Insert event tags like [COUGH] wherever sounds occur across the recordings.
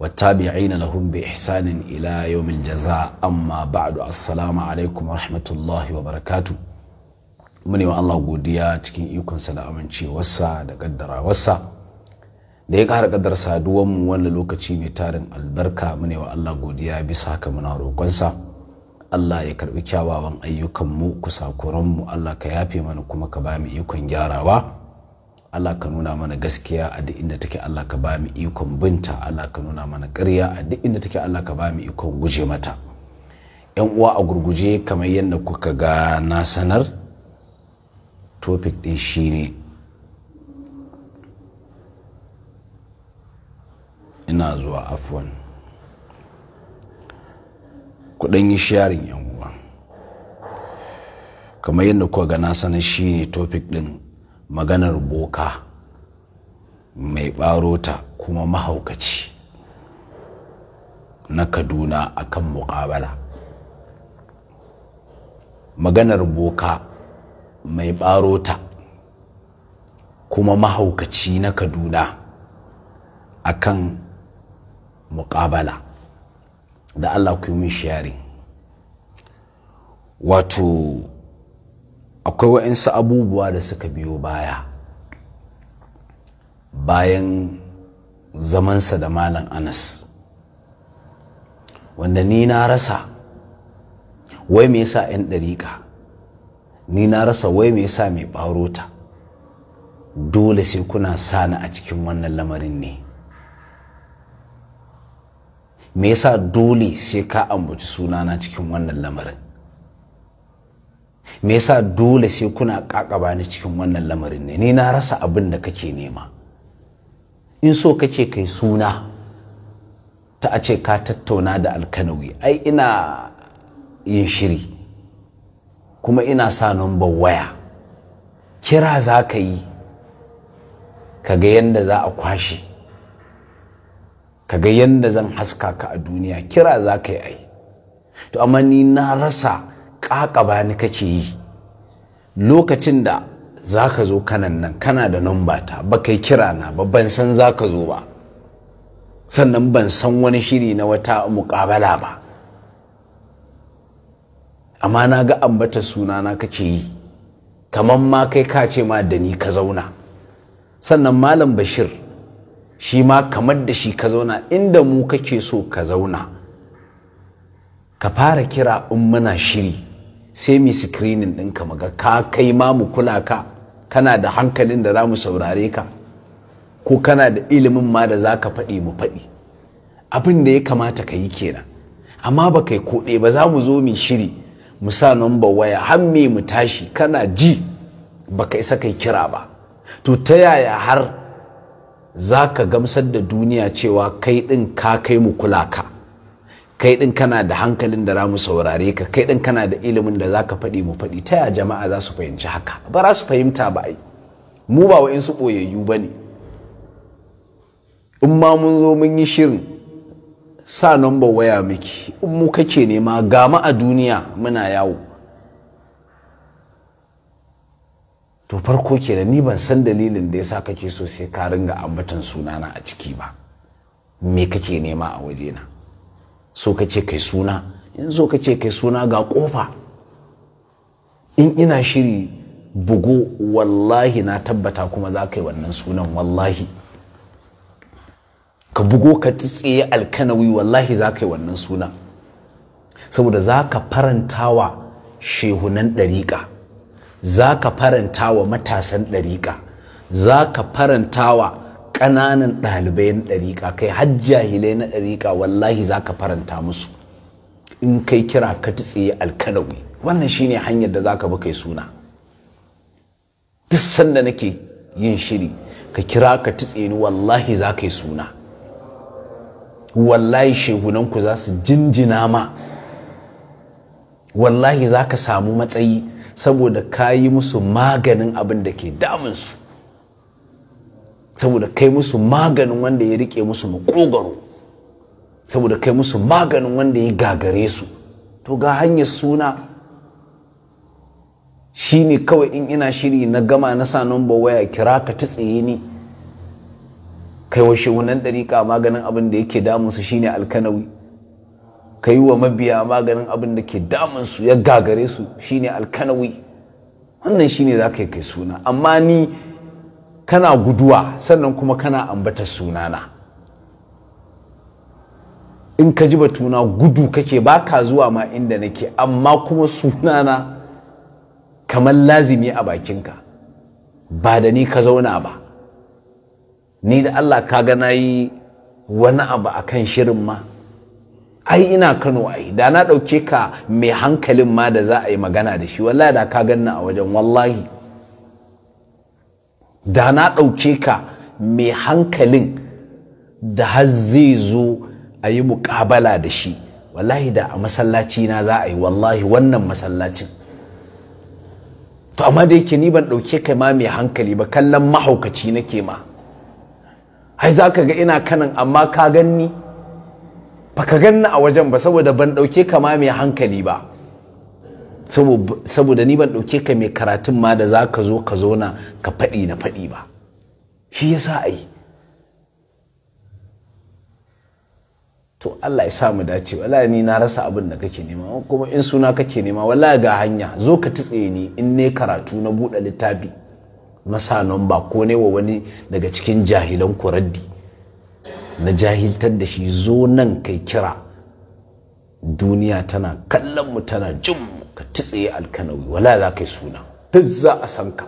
والتابعين لهم بإحسان إلى يوم الجزاء أما بعد السلام عليكم ورحمة الله وبركاته mune wa Allah godiya cikin ikonsa da amincewarsa da kaddarawarsa da ya ƙara kaddar mu wannan lokaci mai tarin albarka mune wa Allah godiya bisa haka muna roƙonsa Allah ya karɓi kyawawan ayyukan mu ku ayyukanmu mu Allah ka yafe mana kuma ka ba mu ikon gyarawa Allah ka nuna mana gaskiya a duk inda take Allah ka ba mu ikon binta Allah ka nuna mana ƙarya a duk inda take Allah ka ba mu ikon guje mata yan uwa a gurguje kamar yadda kuka ga na sanar topic din shine ina zuwa afwan kudin yi sharing yan uwa kamar yadda kuka ga na sanar shine topic din maganar boka mai ɓarota kuma mahaukaci na kaduna akan muƙabala maganar boka mai ɓarota kuma mahaukaci na kaduna akan muƙabala da allah kuma yi wato akwai waɗansu abubuwa da suka biyo baya bayan zamansa da malam anas wanda ni na rasa wai me yasa 'yan ɗariƙa ni na rasa wai me yasa mai ɓarota dole sai kuna sani a cikin wannan lamarin ne me yasa dole sai ka ambaci sunana cikin wannan lamarin me yasa dole sai kuna kakaba bani cikin wannan lamarin ne ni na rasa abin da kake nema in so kake kai suna ta a ce ka tattauna da alkanawi ai ina yin shiri kuma ina sa numbar waya kira za ka yi kaga yadda za a kwashe kaga yadda zan haska ka a duniya kira za ka yi ai to amma ni na rasa ƙaƙa ni kake yi lokacin da za ka zo kanan nan kana da ba ta ba kai kira na ba ban san za ka zo ba sannan ban san wani shiri na wata muƙabala ba amma na ga ambata sunana kake yi kamar ma kai ka ce ma da ni ka zauna sannan malam bashir shi ma kamar da shi ka zauna inda mu kake so ka zauna ka fara kira in muna shiri sai mu screening ɗinka maga ka kai ma mu kula ka kana da hankalin da za mu saurare ka ko kana da ilimin ma da za ka faɗi mu faɗi abin da ya kamata ka yi kenan amma ba kai koɗe ba za mu zo mu shiri mu sa number waya har me mu tashi kana ji ba ka isa kai kira ba to ta yaya har za ka gamsar da duniya cewa kai ɗin ka kai mu kula ka kai din kana da hankalin da za mu saurare ka kai din kana da ilimin da za ka faɗi mu faɗi ta ya jama'a za su fahimci haka ba za su fahimta ba ai mu ba su ɓoyayyu ba ne in ma mun zo mun yi shirin sa number waya miki in mu kake nema gama a duniya muna yawo to farko ke da ni ban san dalilin da yasa kake so sai ka ringa ambatan sunana a ciki ba me kake nema a wajena na so ka ce kai suna in so ka ce kai suna ga kofa in ina shiri bugu wallahi na tabbata kuma za ka yi wannan sunan wallahi ka bugo ka tsaye alkanawi wallahi za ka yi wannan suna saboda za ka faranta wa shehunan ɗariƙa za ka faranta wa matasan ɗariƙa za ka faranta wa. ƙananan ɗalibai na ɗariƙa kai hajjahilai na ɗariƙa wallahi za ka faranta musu in kai kira ka tsaye alkalawi wannan shine hanyar da za ka bi kai suna duk sanda nake yin shiri ka kira ka tsaye ni wallahi za ka yi suna wallahi shehunanku za su jinjina ma wallahi za ka samu matsayi saboda ka yi musu maganin abin da ke damunsu saboda kai musu maganin wanda ya rike musu makogaro saboda kai musu maganin wanda ya gagare su to ga hanyar suna shi ne kawai in ina shiri na gama na sa nomba waya kira ka ta tsaye ni kai wa shehunan ɗariƙa maganin abin da yake damunsu shine alkanawi ka wa mabiya maganin abin da ke damunsu ya gagare su shine alkanawi wannan shine za ka yi kai suna amma ni kana guduwa sannan kuma kana ambata sunana in ka ji batuna gudu kake ba ka zuwa ma inda nake amma kuma sunana kamar lazimi a bakinka ba da ni ka zauna ba ni da Allah ka ga na yi wani abu a kan shirin ma ai ina kano ai da na ɗauke ka mai hankalin ma da za a yi magana da shi wallahi da ka ganna a wajen wallahi da na ɗauke ka mai hankalin da har zai zo a yi muƙabala da shi wallahi da a masallaci na za a yi wallahi wannan masallacin to amma da yake ni ban ɗauke kai ma mai hankali ba kallon mahaukaci nake ma ai za ka ga ina kanan amma ka ganni ba ka ganni a wajen ba saboda ban ɗauke ka ma mai hankali ba saboda ni ban ɗauke ka mai karatun ma da za ka zo ka zauna ka faɗi na faɗi ba shi ya sa a yi to Allah ya sa mu dace wala ni na rasa abin da kake nema kuma in suna kake nema wala ga hanya zo ka tutse ni in ne karatu na buɗe littafi masa ba ko ne wa wani daga cikin jahilan kuraddi na jahiltar da shi zo nan kai kira duniya tana kallon mu tana jin ka tsaye alkanawi wala za ka yi suna duk za a san ka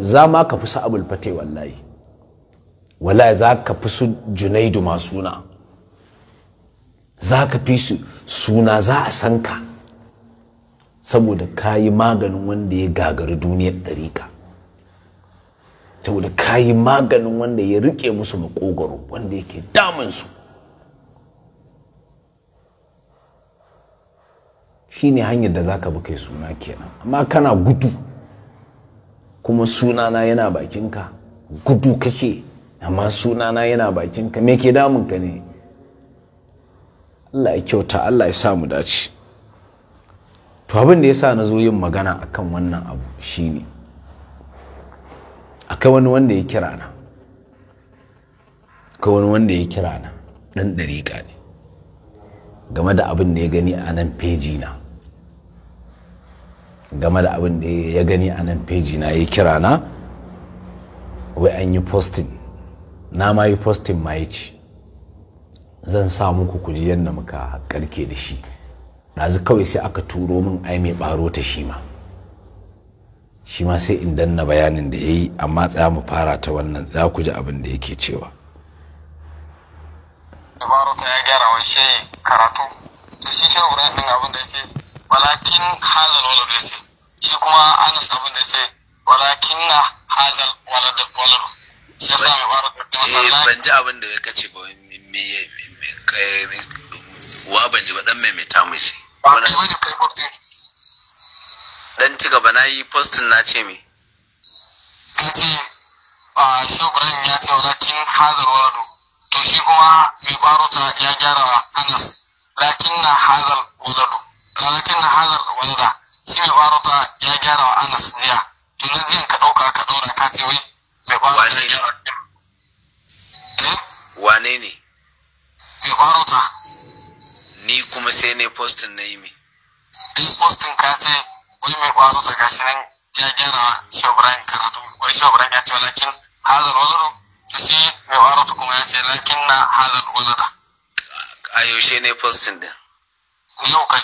za ma ka fi sa'abul fate wallahi wala za ka fi su junaidu ma suna za ka fi su suna za a san ka saboda ka yi maganin wanda ya gagari duniyar ɗarika saboda ka yi maganin wanda ya riƙe musu makogaro wanda yake damansu su shine hanyar da zaka bi kai suna kenan amma kana gudu kuma sunana yana bakinka gudu kake amma sunana yana bakinka me ke damunka ne Allah ya kyauta Allah ya sa mu dace to abin da yasa na zo yin magana akan wannan abu shine akwai wani wanda ya kira na akwai wani wanda ya kira na dan dariƙa ne game da abin da ya gani a nan feji na game da abin da ya gani a nan peji na ya kira na wai an yi posting na ma yi posting ma ya ce zan sa muku kuji yadda muka karke da shi ɗazu kawai sai aka turo min ai mai ɓaro ta shi ma shi ma sai in danna bayanin da ya yi amma tsaya mu fara ta wannan tsaya kuji abin da yake cewa dabaru ta ya gyara wa shi karatu da shi shi abin da yake walakin hazan wani shi kuma anas abin da ce walakin na hazal walad walad shi yasa mai fara da masana eh, ban ji abin da ya ce ba me me wa ban ji ba dan mai mai tamu shi ba ne ba kai posting dan ci gaba na yi postin na ce me ka ce shi ibrahim ya ce walakin hazal walad to shi kuma mai barota ya gyara anas lakin na hazal walad lakin na hazal shi ƙwaro barata ya gyara wa anas jiya to nan jiyan ka ɗauka ka ɗora ka ce wai mai barata ya gyara eh? wane ne mai barata ni kuma sai ne postin na yi mai duk postin ka ce wai mai barata gashi nan ya gyara wa shaubrayin karatu wai shaubrayin ya ce lakin hazar waladu to shi mai barata kuma ya ce lakin na hazar walada a yaushe ne postin din yau kai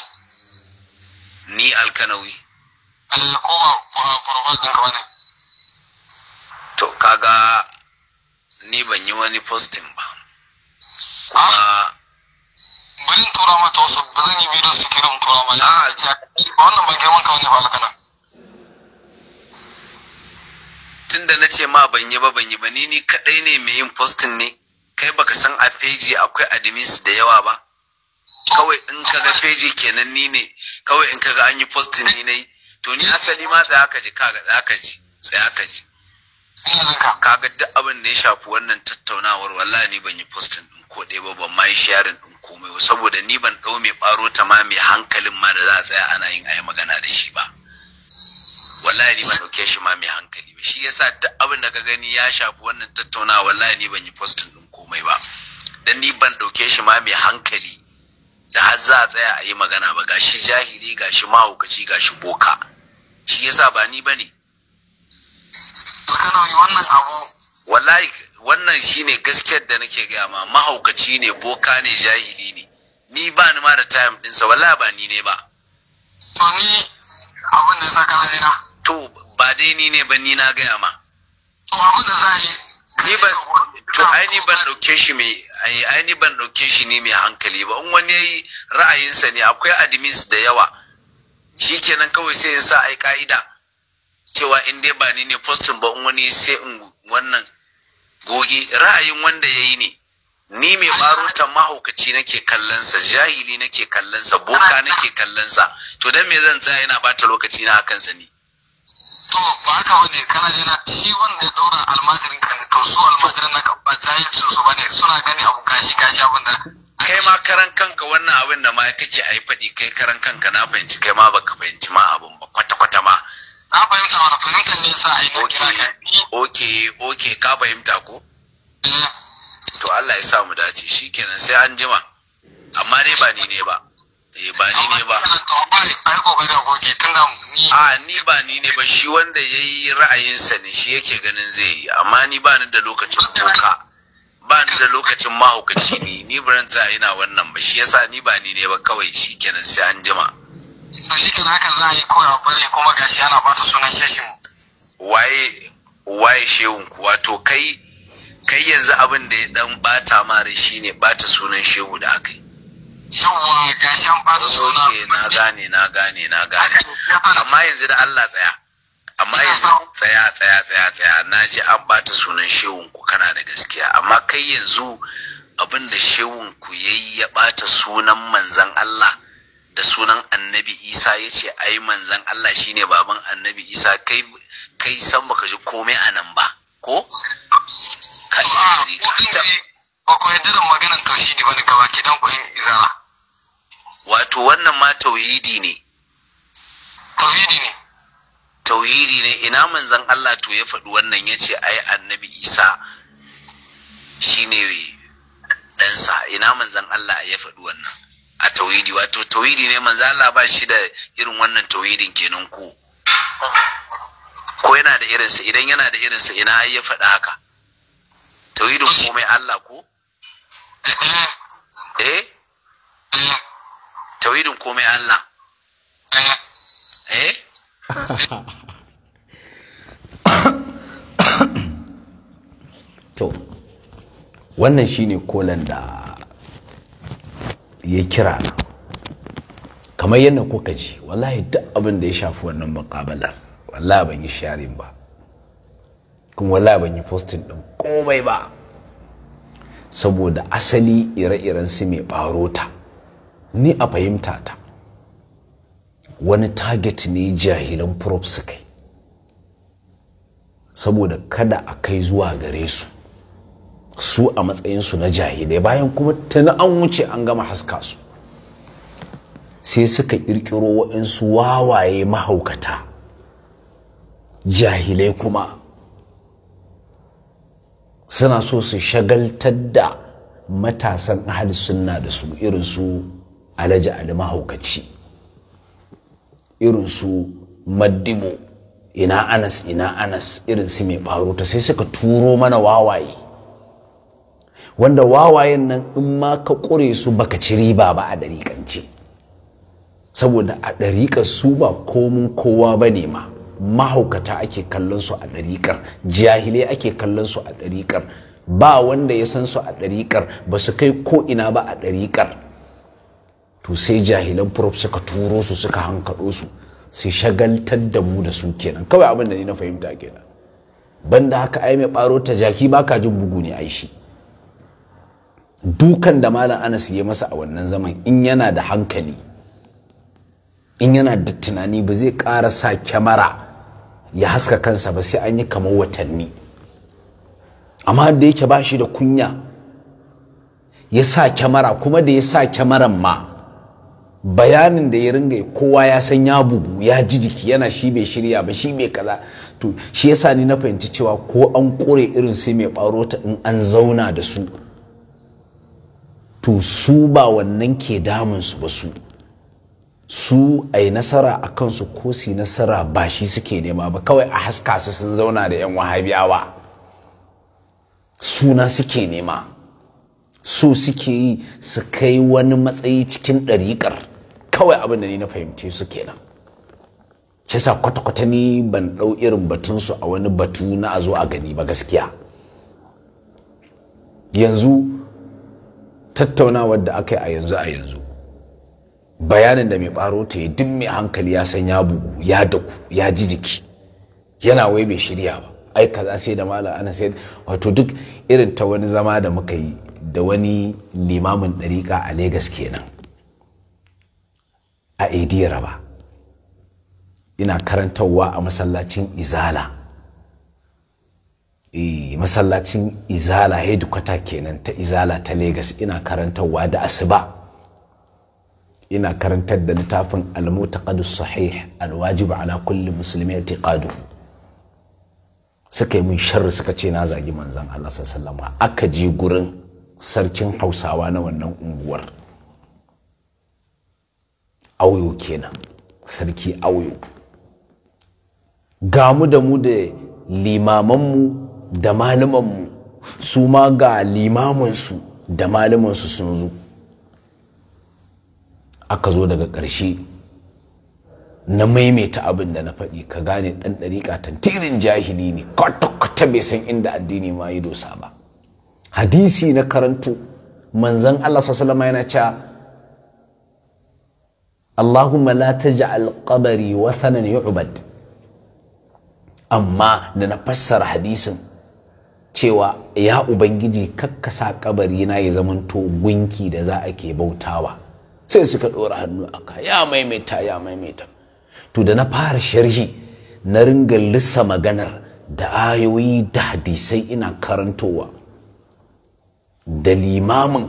ni alkanawi Allah eh, ko ba farfar ɗinka to kaga ni ban yi wani postin ba kuma ah. bari tura ma ta wasu ba zan yi bidiyo su kirin tura ma ya ah. ba wannan ban girman ka wani ba alkana tun da na ce ma ban yi ba ban yi ba ni ni kadai ne mai yin postin ne kai baka san a feji akwai admins da yawa ba kawai in kaga feji kenan ni ne kawai in kaga an yi postin ni ne to ni asali ma tsaya ka ji kaga tsaya ka ji tsaya ka ji kaga duk abin da ya shafi wannan tattaunawar wallahi ni ban yi postin din ko ɗaya ba ban ma yi sharing din komai ba saboda ni ban ɗau mai ɓaro ta ma mai hankalin ma da za a tsaya ana yin ayi magana da shi ba wallahi ni ban ɗauke shi ma mai hankali ba shi yasa duk abin da ka gani ya shafi wannan tattaunawa wallahi ni ban yi postin din komai ba dan ni ban ɗauke shi ma mai hankali da har za a tsaya a yi magana ba gashi jahili gashi mahaukaci gashi boka shi yasa ba ni ba ne wannan abu wallahi wannan shine gaskiyar da nake gaya ma mahaukaci ne boka ne jahili ne ni ba ni ma da time ɗinsa wallahi ba ni ne ba to ni abin da ya saka na to ba dai ni ne ba ni na gaya ma to abin da za yi ni ban to aini ban dauke shi mai aini ban dauke shi ne mai hankali ba in wani yayi ra'ayinsa ne akwai admins da yawa shi shikenan kawai sai in sa ai ka'ida cewa in dai ba ni ne postin ba in wani sai in wannan goge ra'ayin wanda yayi ne ni mai barutan mahaukaci nake kallonsa jahili nake kallonsa boka nake kallonsa to dan me zan tsaya ina bata lokaci na akan sa ne to ba haka bane kana jina shi wanda ya daura almajirin ka ne to su almajirin na ba jahilcin su su bane suna gani abu kashi kashi abin da kai ma karan kanka wannan abin da ma kake ai faɗi kai karan kanka na fahimci kai ma baka fahimci ma abin ba kwata kwata ma na fahimta wani fahimta ne sa ai na kira ka oke oke ka fahimta ko eh. to Allah ya sa mu dace shikenan sai an jima amma dai ba ni ne ba eh ba ni ne ba a ni ba ni ne ba shi wanda ya yi ra'ayinsa ne shi yake ganin zai yi amma ni ba ni da lokacin boka ba ni da lokacin mahaukaci ne ni biran za ina wannan ba shi yasa ni ba ni ne ba kawai shi kenan sai an jima to shi kenan hakan za a yi koya bare kuma gashi ana bata sunan sheshin waye waye shehun kuwa to kai kai yanzu abin da ya dan bata mare shine bata sunan shehu da aka yi yawa ga shan ba da na gane na gane na gane amma yanzu da Allah tsaya amma yanzu tsaya tsaya tsaya tsaya na ji an bata sunan shehun ku kana da gaskiya amma kai yanzu abin da shehun ku yayi ya bata sunan manzon Allah da sunan annabi Isa ya ce ai manzon Allah shine baban annabi Isa kai kai san baka ji komai a nan ba ko kai ba yadda da maganar tauhidi bane gaba ki ku yin izara wato wannan ma tauhidi ne tauhidi ne tauhidi ne ina manzon Allah to ya faɗi wannan ya ce ai annabi isa shine ɗansa ina manzon Allah ya faɗi wannan a tauhidi wato tauhidi ne manzon Allah ba shi da irin wannan tauhidin kenan ku ko yana da irinsa idan yana da irinsa ina ai ya faɗi haka tauhidin komai Allah ko eh, eh. eh? eh. tauhidin komai Allah eh [COUGHS] to wannan shine kolan da ya kira na kamar yadda kuka ji wallahi duk abin da ya shafi wannan muƙabalar wallahi ban yi sharing ba kuma wallahi ban yi posting din komai ba saboda asali ire-iren su mai barota ni a fahimta ta wani target ne jahilan prop su kai saboda kada a kai zuwa gare su su a su na jahilai bayan kuma tuni an wuce an gama haska su sai suka ƙirƙiro waɗansu wawaye mahaukata jahilai kuma suna so su shagaltar da matasan ahal sunna da su irin su alaji ali mahaukaci irin su maddibo ina anas ina anas irin su mai faruta sai suka turo mana wawaye wanda wawayen nan in ma ka ƙure su baka ci riba ba a ɗariƙance saboda a ɗariƙar su ba komun kowa ba ne ma mahaukata ake kallon su a ɗariƙar jahilai ake kallon su a ɗariƙar ba wanda ya san su a ɗariƙar ba su kai ko ina ba a ɗariƙar to sai jahilan prof suka turo su suka hankaɗo su sai shagaltar da mu da su kenan kawai abin da ni na fahimta kenan banda haka ai mai ɓaro ta jaki baka jin bugu ne ai shi dukan da malam anas ya masa a wannan zaman in yana da hankali in yana da tunani ba zai ƙara sa kyamara ya haska kansa ba sai an yi kamar watanni amma da yake ba shi da kunya ya sa kyamara kuma da ya sa kyamaran ma bayanin da ya ringa kowa ya san ya bugu ya ji jiki yana shi bai shirya ba shi bai kaza to shi yasa ni na fahimci cewa ko an kore irin sai mai baro ta in an zauna da su to su ba wannan ke damun su ba su su ayi nasara a kansu ko su nasara ba shi suke nema ba kawai a haska su sun zauna da 'yan wahabiyawa suna suke nema so suke yi su kai wani matsayi cikin ɗariƙar kawai abin da ni na fahimce su kenan shi sa kwata-kwata ni ban ɗau irin batunsu a wani batu na a zo a gani ba gaskiya yanzu tattaunawar da aka yi a yanzu a yanzu bayanin da mai ɓaro ta yi duk mai hankali ya san ya bugu ya daku ya ji jiki yana wai bai shirya ba ai kaza sai da mala ana sai wato duk irin ta wani zama da muka yi da wani limamin ɗariƙa a Legas kenan a idira ba ina karantarwa a masallacin izala E masallacin izala headquarter kenan ta izala ta Legas ina karantarwa da asuba ina karantar da littafin al mutaqaddis sahih al wajib ala kulli muslimi i'tiqaduhu suka yi min sharri suka ce na zagi manzon Allah sallallahu alaihi wasallam aka je gurin sarkin Hausawa na wannan unguwar auyo kenan sarki auyo gamu da mu da limamanmu da malamanmu su ma ga limamansu da malamansu sun zo aka zo daga ƙarshe na maimaita abin da na faɗi ka gane ɗan ɗariƙa tantirin jahili ne kwata-kwata bai san inda addini ma yi dosa ba hadisi na karantu manzan allah sallama yana cewa Allahumma la taj'al qabari wasanan yu'bad amma da na fassara hadisin cewa ya ubangiji kakkasa ƙabari na ya zamanto gunki da za a ke bautawa sai suka ɗora hannu aka ya maimaita ya maimaita to da na fara sharhi na ringa lissa maganar da ayoyi da hadisai ina karantowa da limamin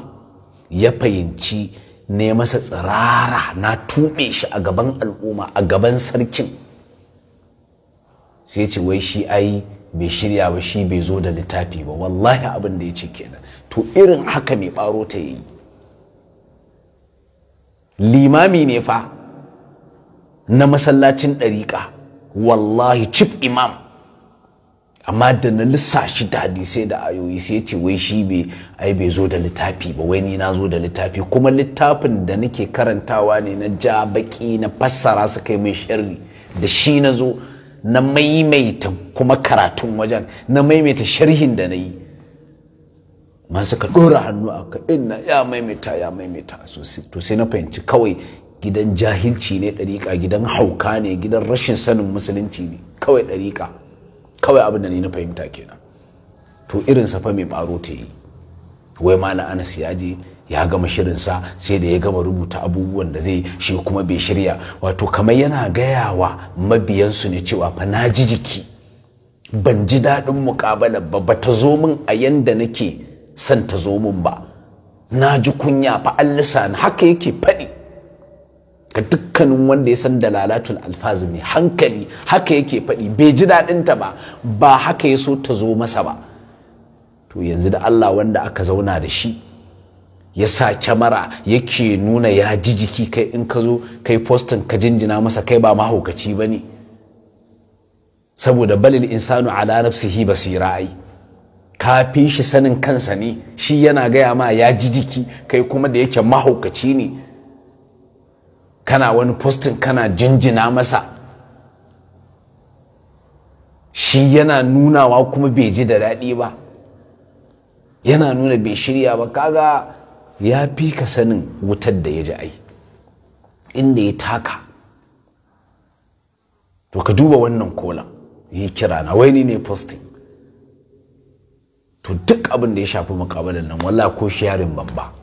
ya fahimci ne masa tsirara na tuɓe shi a gaban al'umma a gaban sarkin sai ce wai shi ai bai shirya ba shi bai zo da littafi ba wallahi abin da ya ce kenan to irin haka mai ɓaro ta yi limami ne fa na masallacin ɗariƙa wallahi cif imam amma da na lissashi daɗi sai da ayoyi sai ce wai shi bai ai bai zo da littafi ba wai ni na zo da littafi kuma littafin da nake karantawa ne na ja baki na fassara su kai mai sharri da shi na zo na maimaita kuma karatun wajen na maimaita sharhin da na yi masu ka ɗora hannu a ka ina ya maimaita ya maimaita to sai na fahimci kawai gidan jahilci ne ɗariƙa gidan hauka ne gidan rashin sanin musulunci ne kawai ɗariƙa kawai abin da ni na fahimta kenan to irin sa fa mai baro ta yi wai malam anas ya je ya gama shirinsa sai da ya gama rubuta abubuwan da zai shi kuma bai shirya wato kamar yana gaya wa mabiyansu ne cewa fa na ji jiki ban ji daɗin muƙabala ba ba ta zo min a yanda nake son ta zo min ba na ji kunya fa an haka yake faɗi ga dukkanin wanda ya san dalalatul alfazi mai hankali haka yake faɗi bai ji daɗinta ba ba haka ya so ta zo masa ba to yanzu da Allah wanda aka zauna da shi ya sa kyamara yake nuna ya ji jiki kai in ka zo kai postin ka jinjina masa kai ba mahaukaci ba ne saboda balil insanu ala nafsihi basira ai ka fi shi sanin kansa ne shi yana gaya ma ya ji jiki kai kuma da yake mahaukaci ne kana wani postin kana jinjina masa shi yana nunawa kuma bai ji da daɗi ba yana nuna bai shirya ba kaga ya fi ka sanin wutar da ya ji ai inda ya taka to ka duba wannan kolan ya kira na wai ne posting to duk abin da ya shafi mukabalan nan walla ko sharing ban ba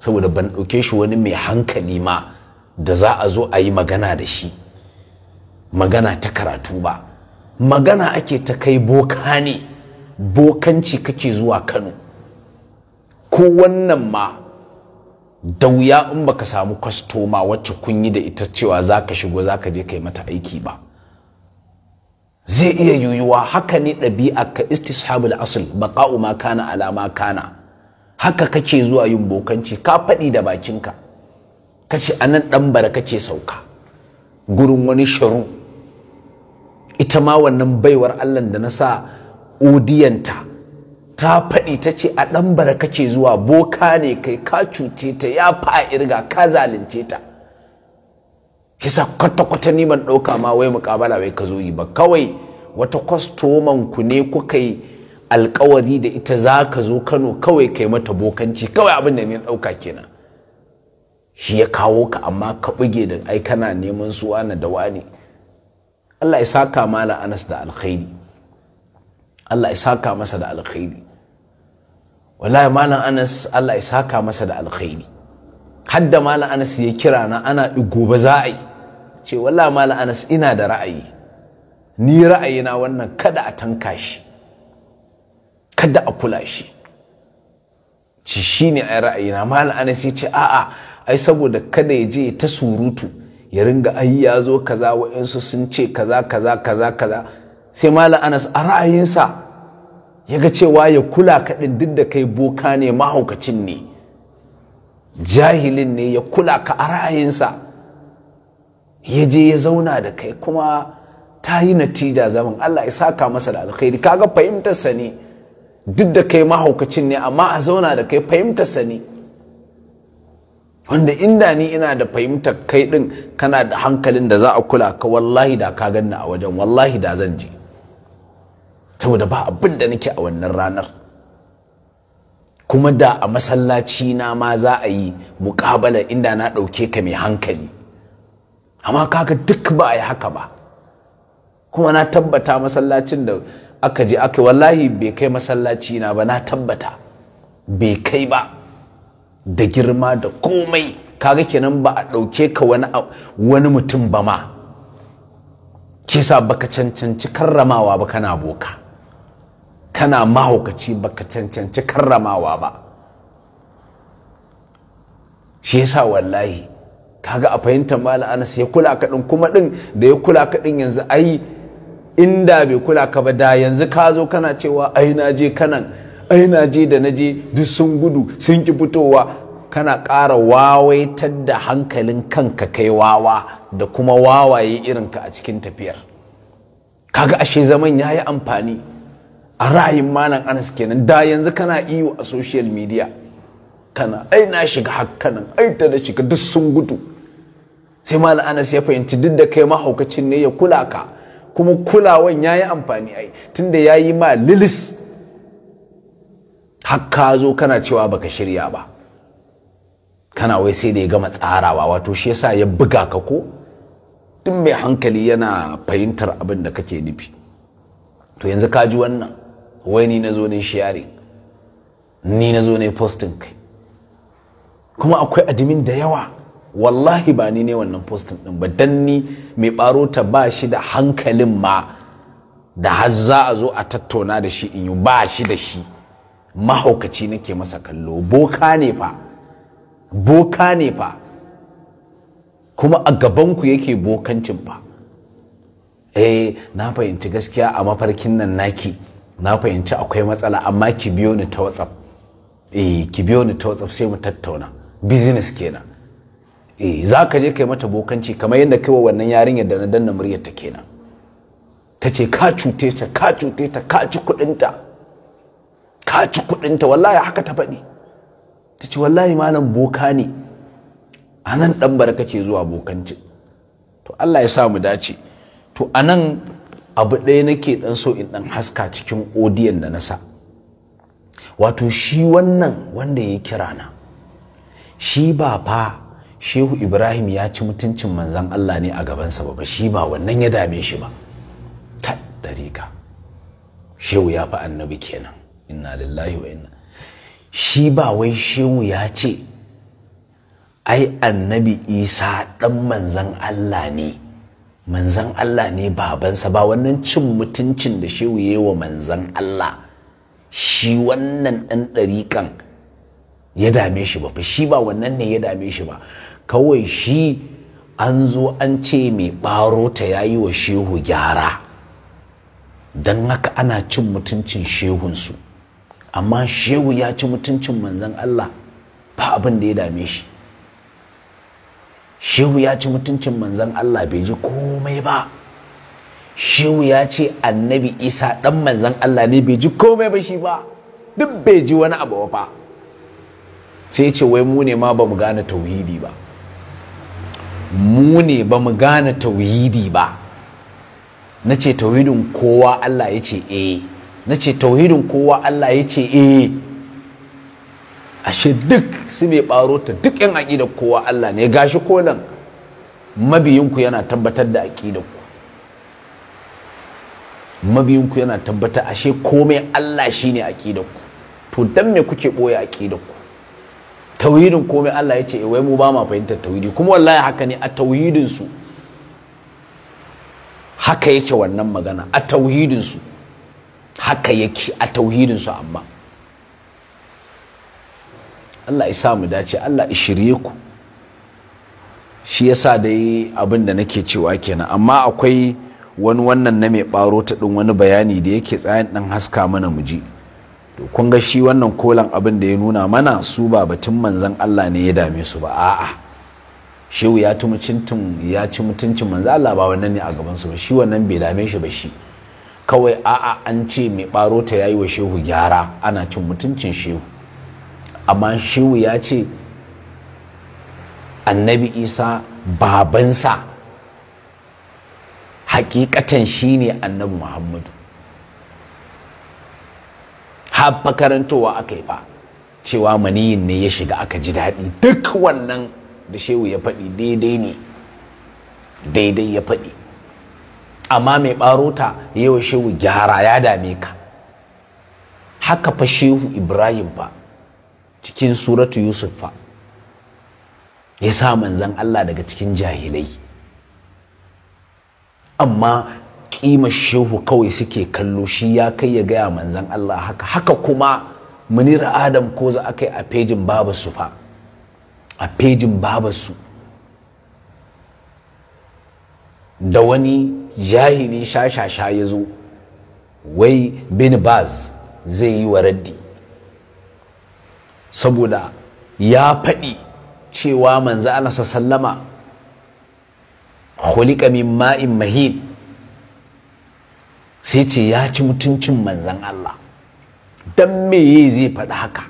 saboda ban ɗauke shi wani mai hankali ma da za a zo a yi magana da shi magana ta karatu ba magana ake ta kai boka ne bokanci kake zuwa kano ko wannan ma da wuya in baka samu kwastoma wacce kun yi da ita cewa za ka shigo za ka je kai mata aiki ba zai iya yiwuwa haka ne ɗabi'a ka istishabul asul baƙa'u ma kana alama kana haka kake zuwa yin bokanci ka faɗi da bakinka kace anan dan baraka kake sauka gurin wani sharu ita ma wannan baiwar Allah da na sa odiyanta ta faɗi tace a ɗan baraka kake zuwa boka ne kai ka cuce ta ya fa irga ka zalunce ta kisa kwata-kwata ni man ɗauka ma wai mukabala wai ka zo yi ba kawai wata kwastoman ku ne kuka yi alkawari da ita za ka zo kano kawai kai mata bokanci kawai abin da ni ɗauka kenan shi ya kawo ka amma ka buge da ai kana neman su wani da wani Allah ya saka mala Anas da alkhairi Allah ya saka masa da alkhairi wallahi malam Anas Allah ya saka masa da alkhairi hadda malam Anas ya kira na ana gobe za a yi ce wallahi malam Anas ina da ra'ayi ni ra'ayina wannan kada a tanka shi kada a kula shi shi ne a ra'ayina malam anas ya ce a'a ai saboda kada ya je ta surutu ya ringa ai ya zo kaza wayansu sun ce kaza kaza kaza kaza sai malam anas a ra'ayinsa ya ga cewa ya kula kaɗin duk da kai boka ne mahaukacin ne jahilin ne ya kula ka a ra'ayinsa ya je ya zauna da kai kuma ta yi natija zaman Allah ya saka masa da alkhairi kaga fahimtarsa ne duk da kai mahaukacin ne amma a zauna da kai fahimtarsa ne wanda inda ni ina da fahimtar kai din kana da hankalin da za a kula ka wallahi da ka ganni a wajen wallahi da zan je saboda ba abin da nake a wannan ranar kuma da a masallaci na ma za a yi mukabala inda na ɗauke ka mai hankali amma kaga duk ba a yi haka ba kuma na tabbata masallacin da aka je aka wallahi bai kai masallaci na ba na tabbata bai kai ba da girma da komai kaga kenan ba a ɗauke ka wani mutum ba ma kisa baka cancanci karramawa ba kana boka kana mahaukaci baka cancanci karramawa ba shi yasa wallahi kaga a fahimtar malam Anas ya kula ka din kuma din da ya kula ka din yanzu ai inda bai kula ka ba da yanzu ka zo kana cewa ai na je kanan ai na je da na je duk sun gudu sun ki fitowa kana ƙara wawaitar da hankalin kanka kai wawa da kuma wawaye irin ka a cikin tafiyar kaga ashe zaman ya yi amfani a ra'ayin manan anas kenan da yanzu kana iyo a social media kana ai na shiga hakkanan ai ta da shiga duk sun gudu sai malam anas ya fahimci duk da kai mahaukacin ne ya kula ka kuma kulawan ya yi amfani ai tunda ya yi ma lilis har ka zo kana cewa baka shirya ba kana wai sai da ya gama tsarawa wato shi yasa ya buga ka ko tun mai hankali yana fahimtar abin da kake nufi to yanzu ka ji wannan wai ni na zo ne sharing ni na zo ne posting kai kuma akwai admin da yawa wallahi ba ni ne wannan postin din ba dan ni mai baro ta ba shi da hankalin ma da har za a zo a tattauna da shi in yi ba shi da shi mahaukaci nake masa kallo boka ne fa boka ne fa kuma a gabanku yake bokancin fa eh na fahimci gaskiya a mafarkin nan naki na fahimci akwai matsala amma ki biyo ni ta whatsapp eh ki biyo ni ta whatsapp sai mu tattauna business kenan eh za ka je kai mata bokanci kamar yadda kai wa wannan yarinyar da na danna muryar ta kenan ta ce ka cute ta ka cute ta ka ci kuɗinta ka ci ta. wallahi haka ta faɗi ta ce wallahi malam boka ne a nan ɗan barka ke zuwa bokanci to Allah ya sa mu dace to a nan abu ɗaya nake ɗan so in ɗan haska cikin odiyan da na sa wato shi wannan wanda ya kira na shi ba fa shehu ibrahim ya ci mutuncin manzan Allah ne a gabansa ba ba shi ba wannan ya dame shi ba ta ɗarika shehu ya fi annabi kenan inna lillahi wa inna shi ba wai shehu ya ce ai annabi isa ɗan manzan allah ne manzan allah ne babansa ba wannan cin mutuncin da shehu ya yi wa manzan allah shi wannan ɗan ɗariƙan ya dame shi ba shi ba wannan ne ya dame shi ba kawai shi an zo an ce mai ɓaro ta ya yi wa shehu gyara don haka ana cin mutuncin shehunsu amma shehu ya ci mutuncin manzan Allah ba abin da ya dame shi shehu ya ci mutuncin manzan Allah bai ji komai ba shehu ya ce annabi isa ɗan manzan Allah ne bai ji komai ba shi ba duk bai ji wani abu ba sai ce wai mu ne ma ba mu gane tauhidi ba mu ne ba mu gane tauhidi ba na ce tauhidin kowa Allah ya ce eh na ce tauhidin kowa Allah ya ce eh ashe duk su mai ɓaro ta duk yan aƙidar kowa Allah ne gashi kolan mabiyinku yana tabbatar da ku. mabiyinku yana tabbatar ashe komai Allah shine ku, to dan me kuke ɓoye ku? tauhidin komai Allah ya ce eh, wai mu ba ma fahimtar tauhidi kuma wallahi haka ne a tauhidinsu haka yake wannan magana a tauhidinsu haka yake a tauhidinsu amma Allah sa mu dace Allah ya shirye ku shi yasa dai abin da nake cewa kenan amma akwai wani wannan na mai baro ta din wani bayani da yake tsayan dan haska mana muji to kun ga shi wannan kolan abin da ya nuna mana su ba batun manzon Allah ne ya dame su ba a'a shehu ya ci mutuncin ya ci mutuncin manzon Allah ba wannan ne a gaban su ba shi wannan bai dame shi ba shi kawai a'a an ce mai ɓarota ta yayi wa shehu gyara ana cin mutuncin shehu amma shehu ya ce annabi isa babansa hakikatan shine annabi muhammadu har makarantowa aka yi fa cewa maniyin ne ya shiga aka ji daɗi duk wannan da shehu ya faɗi daidai ne daidai ya faɗi amma mai ta yau shehu gyara ya dame ka haka fa shehu ibrahim fa cikin suratu yusuf fa ya sa manzan allah daga cikin jahilai amma kima shehu kawai suke kallo shi ya kai ya gaya manzan allah haka haka kuma munira adam ko za a kai a fejin babasu fa a fejin babasu. da wani jahili shashasha ya zo wai bin baz zai yi wa raddi saboda ya faɗi cewa manzo Allah sallama khuliqa min ma'in mahid sai ce ya ci mutuncin manzon Allah dan meye zai faɗi haka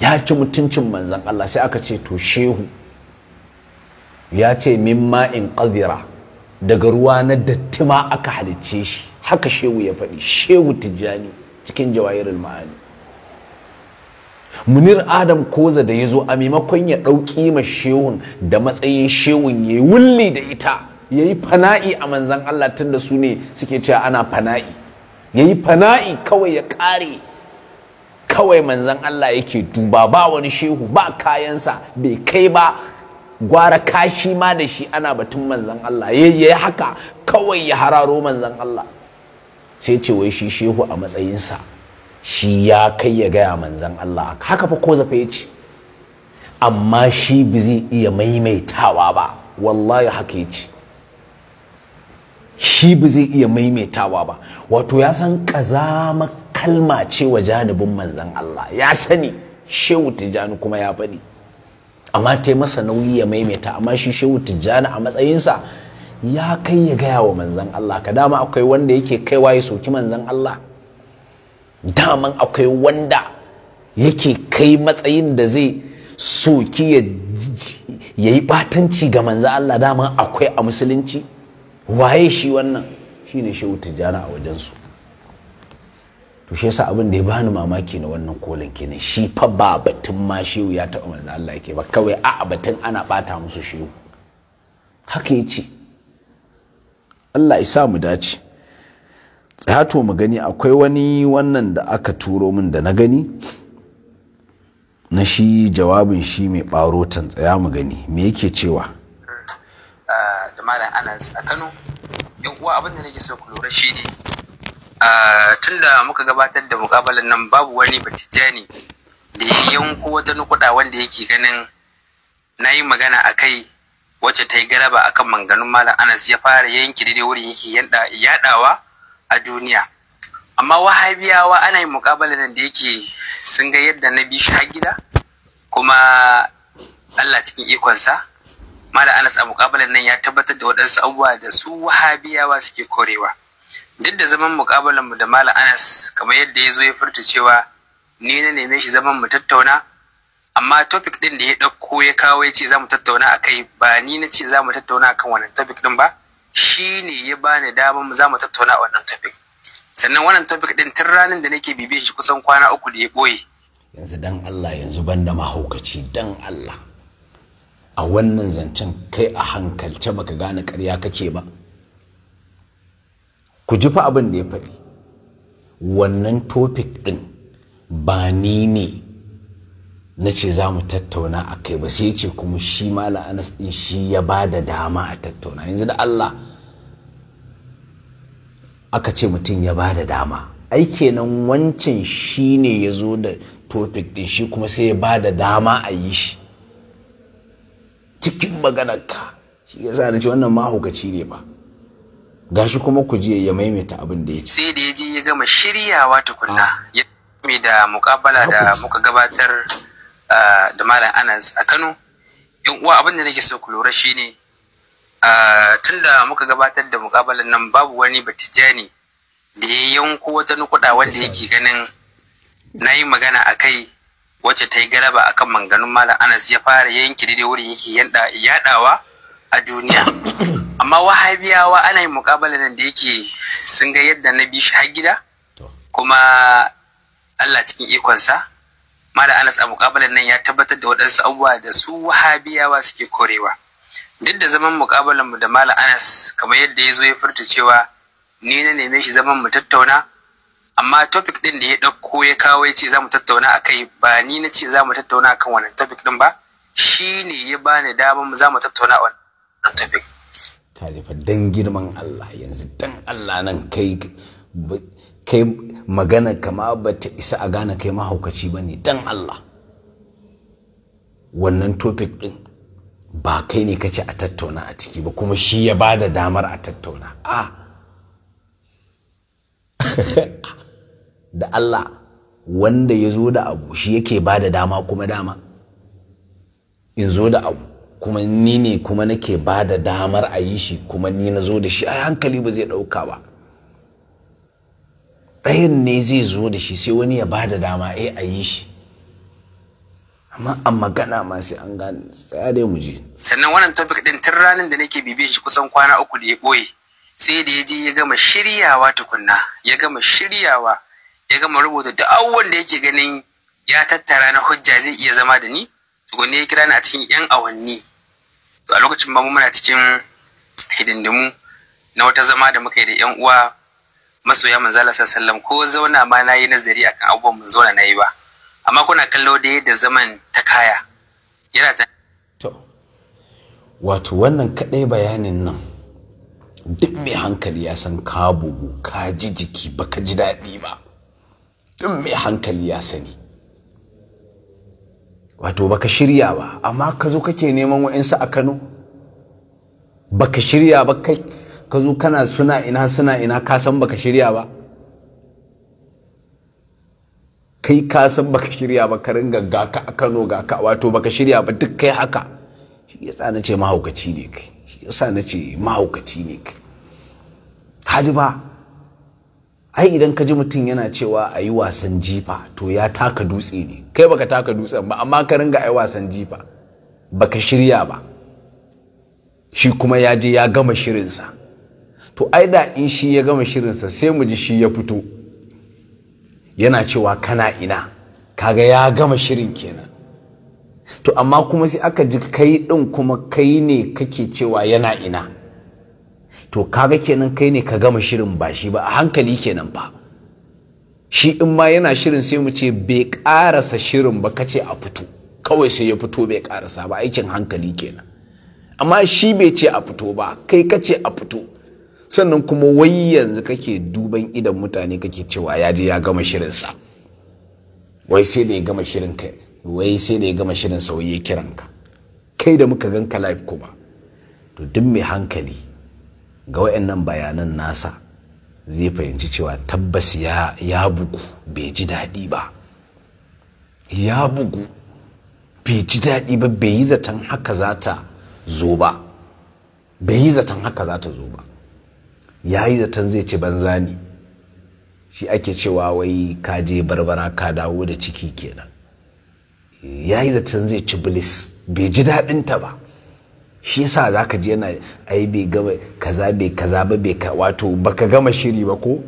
ya ci mutuncin manzon Allah sai aka ce to shehu ya ce min ma'in qadira daga ruwa na dattima aka halicce shi haka shehu ya faɗi shehu tijjani cikin jawahirul ma'ani munir adam koza da ya zo a maimakon ya ɗauki ma shehun da matsayin shehun ya wulli da ita ya yi fana'i a manzan allah tun da su ne suke cewa ana fana'i ya yi fana'i kawai ya ƙare kawai manzan allah yake duba ba wani shehu ba kayansa bai kai ba gwara kashi ma da shi ana batun manzan Allah ya yi haka kawai ya hararo manzan Allah sai ce wai shi shehu a matsayinsa shi ya kai ya gaya manzan Allah haka fa ko zafa ya ce amma shi ba zai iya maimaitawa ba wallahi haka ya ce shi ba zai iya maimaitawa ba wato ya san kazama kalma ce wa janibin manzan Allah ya sani shehu tijani kuma ya faɗi amma ta masa nauyi ya maimaita amma shi shehu tijjani a matsayinsa ya kai ya gaya wa manzan Allah ka dama akwai wanda yake kaiwa ya soki manzan Allah daman akwai wanda yake kai matsayin da zai soki ya yi batanci ga manzan Allah daman akwai a musulunci waye shi wannan shine shehu tijjani a wajensu to shi yasa abin da ya bani mamaki na wannan kolin kenan shi fa ba batun ma shehu ya taɓa manzo Allah yake ba kawai a batun ana ɓata musu shehu haka yace Allah ya sa mu dace tsayato mu gani akwai wani wannan da aka turo min da na gani na shi jawabin shi mai barotan tsaya mu gani me yake cewa eh, da malam anas a kano yan uwa abin da nake so ku lura ne. tunda muka gabatar da mukabalan nan babu wani batijani da ya yanko wata nukuda wanda yake ganin na yi magana a kai wacce ta yi garaba a kan manganun malam anas ya fara yanki daidai wurin yake yadawa a duniya amma wahabiyawa ana yin mukabalan nan da yake sun ga yadda na bi shi har gida kuma allah cikin ikonsa malam anas a mukabalan nan ya tabbatar da waɗansu abubuwa da su wahabiyawa suke korewa duk da zaman mukabalan mu da malam Anas kamar yadda ya zo ya furta cewa ni na neme shi zaman mu tattauna amma topic din da ya ɗauko ya kawo ya ce za mu tattauna a kai ba ni na ce za mu tattauna a kan wannan topic din ba shi ne ya bani damar za mu tattauna a wannan topic sannan wannan topic din tun ranar da nake bibiyar shi kusan kwana uku da ya ɓoye yanzu dan Allah yanzu ban da mahaukaci dan Allah a wannan zancen kai a hankalce baka gane ƙarya kake ba ku ji fa abin da ya faɗi wannan topic ɗin ba ni ne na ce za mu tattauna a kai ba sai ce kuma shi mala anas ɗin shi ya ba da dama a tattauna yanzu da allah aka ce mutum ya ba da dama ai kenan wancan shi ne ya zo da topic ɗin shi kuma sai ya ba da dama a yi shi cikin maganarka shi ya sa na ce wannan mahaukaci ne ba gashi kuma ku je ya maimaita abin da ya sai da ya je ya gama shiryawa tukunna ah. ya mai da mukabala da muka gabatar ah, da malam Anas a Kano yan uwa abin da nake so ku lura shine ah, da muka gabatar da mukabalan nan babu wani batijani da ya yanko wata nukuda wanda yake ganin na yi magana a kai wacce ta yi galaba akan manganun malam Anas ya fara yanki daidai wuri yake yadawa a duniya amma wahabiyawa ana yin mukabala nan da yake sun ga yadda na bi shi har gida kuma Allah cikin ikonsa Malam Anas a mukabalan nan ya tabbatar da waɗansu abubuwa da su wahabiyawa suke korewa duk da zaman mukabalan mu da Malam Anas kamar yadda ya zo ya furta cewa ni na neme shi zaman mu tattauna amma topic din da ya ɗauko ya kawo ya ce za mu tattauna a kai ba ni na ce za mu tattauna kan wannan topic din ba shi ne ya bani damar za mu tattauna wannan na tafi jefa dan girman Allah yanzu don Allah nan kai kai magana kama ba ta isa a gane kai mahaukaci ba ne don Allah wannan topic din ba kai ne kace a tattauna a ciki ba kuma shi ya ba da damar a tattauna a [LAUGHS] da Allah wanda ya zo da abu shi yake ba da dama kuma dama in zo da abu kuma ni ne kuma nake ba da damar a yi shi kuma ni na zo da shi a hankali ba zai ɗauka ba ɗayan ne zai zo da shi sai wani ya ba da dama eh a yi shi amma a magana ma sai an gane tsaya dai mu je sannan wannan topic din tun ranar da nake bibiyan shi kusan kwana uku da ya ɓoye sai da ya je ya gama shiryawa tukunna ya gama shiryawa ya gama rubuta duk abubuwan da yake ganin ya tattara na hujja zai iya zama da ni tukunne ya kira ni a cikin yan awanni a lokacin ma muna cikin hidindimu na wata zama da muka yi da yan uwa masoya manzala sallam ko zauna ma na yi nazari akan abubuwan mun zauna na yi ba amma kuna kallo da yadda zaman ta kaya yana ta wato wannan kadai bayanin nan duk mai hankali ya san ka bugu ka ji jiki baka ji daɗi ba duk mai hankali ya sani wato baka shirya ba amma ka zo kake neman wa'insu a kano baka shirya ba kai ka zo kana suna ina suna ina ka san baka shirya ba kai ka san baka shirya ba ka ringa ga ka a kano ga ka wato baka shirya ba duk kai haka shi ya na ce mahaukaci ne kai shi ya na ce mahaukaci ne kai haji ba ai idan ka ji mutum yana cewa a yi wasan jifa to ya taka dutse ne kai baka taka dutsen ba amma ka ringa a yi wasan jifa baka shirya ba shi kuma ya je ya gama shirinsa to ai da in shi ya gama shirinsa sai mu ji shi ya fito yana cewa kana ina kaga ya gama shirin kenan to amma kuma sai aka ji kai ɗin kuma kai ne kake cewa yana ina to kaga kenan kai ne ka gama shirin ba shi ba a hankali kenan ba shi in ma yana shirin sai mu ce bai karasa shirin ba kace a fito kawai sai ya fito bai karasa ba aikin hankali kenan amma shi bai ce a fito ba kai kace a fito sannan kuma wai yanzu kake duban idan mutane kake cewa ya je ya gama shirinsa wai sai da ya gama shirin kai wai sai da ya gama shirin sauye kiranka kai da muka ganka live kuma to duk mai hankali ga wayannan bayanan nasa zai fahimci cewa tabbas ya ya bugu bai ji daɗi ba ya bugu bai ji daɗi ba bai yi zaton haka za ta zo ba bai yi zaton haka za ta zo ba ya yi zaton zai ci banza ne shi ake cewa wai ka je barbara ka dawo da ciki kenan ya yi zaton zai ci bilis bai ji daɗinta ba shi sa za ka je na ai bai gama kaza bai kaza ba bai ka wato baka gama shiri ba ko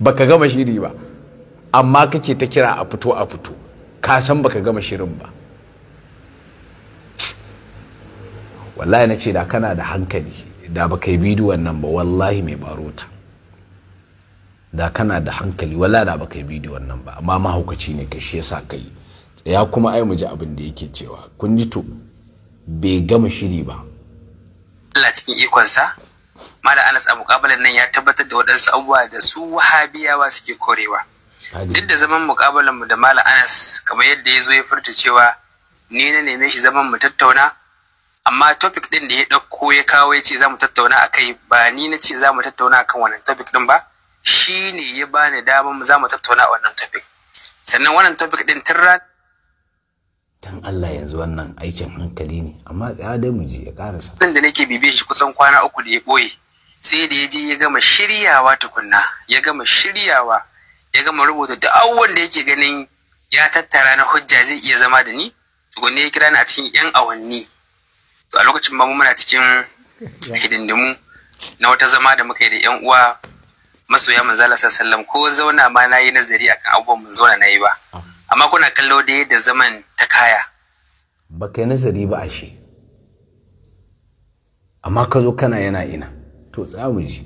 baka gama shiri ba amma kake ta kira a fito a fito ka san baka gama shirin ba wallahi na ce da kana da hankali da baka yi bidiyon nan ba wallahi mai barota da kana da hankali wallahi da baka yi bidiyon nan ba amma mahaukaci ne ka shi yasa ka yi Ya kuma ai mu abin da yake cewa kun ji to bai gama shiri ba Allah cikin ikonsa mala anas abu kabalan nan ya tabbatar da waɗansu abubuwa da su wahabiyawa suke korewa duk da zaman mukabalan mu da mala anas kamar yadda ya zo ya furta cewa ni na neme shi zaman mu tattauna amma topic din da ya ɗauko ya kawo ya ce za mu tattauna a kai ba ni na ce za mu tattauna akan wannan topic din ba shi ne ya bani damar za mu tattauna a wannan topic sannan wannan topic din tun ran tan Allah yanzu wannan aikin hankali ne amma tsaya dai mu ji ya karasa dan da nake bibiyar shi kusan kwana uku da ya boye sai da ya je ya gama shiryawa tukunna ya gama shiryawa ya gama rubuta duk abubuwan da yake ganin ya tattara na hujja zai iya zama da ni tukunna ya kira ni a cikin yan awanni to a lokacin ba mu muna cikin hidindimu na wata zama da muka yi da yan uwa masoya manzala sallallahu ko zauna ma na yi nazari akan abubuwan mun zauna na yi ba amma kuna kallo da zaman ta kaya ba kai nazari ba a shi amma ka zo kana yana ina to tsamu ji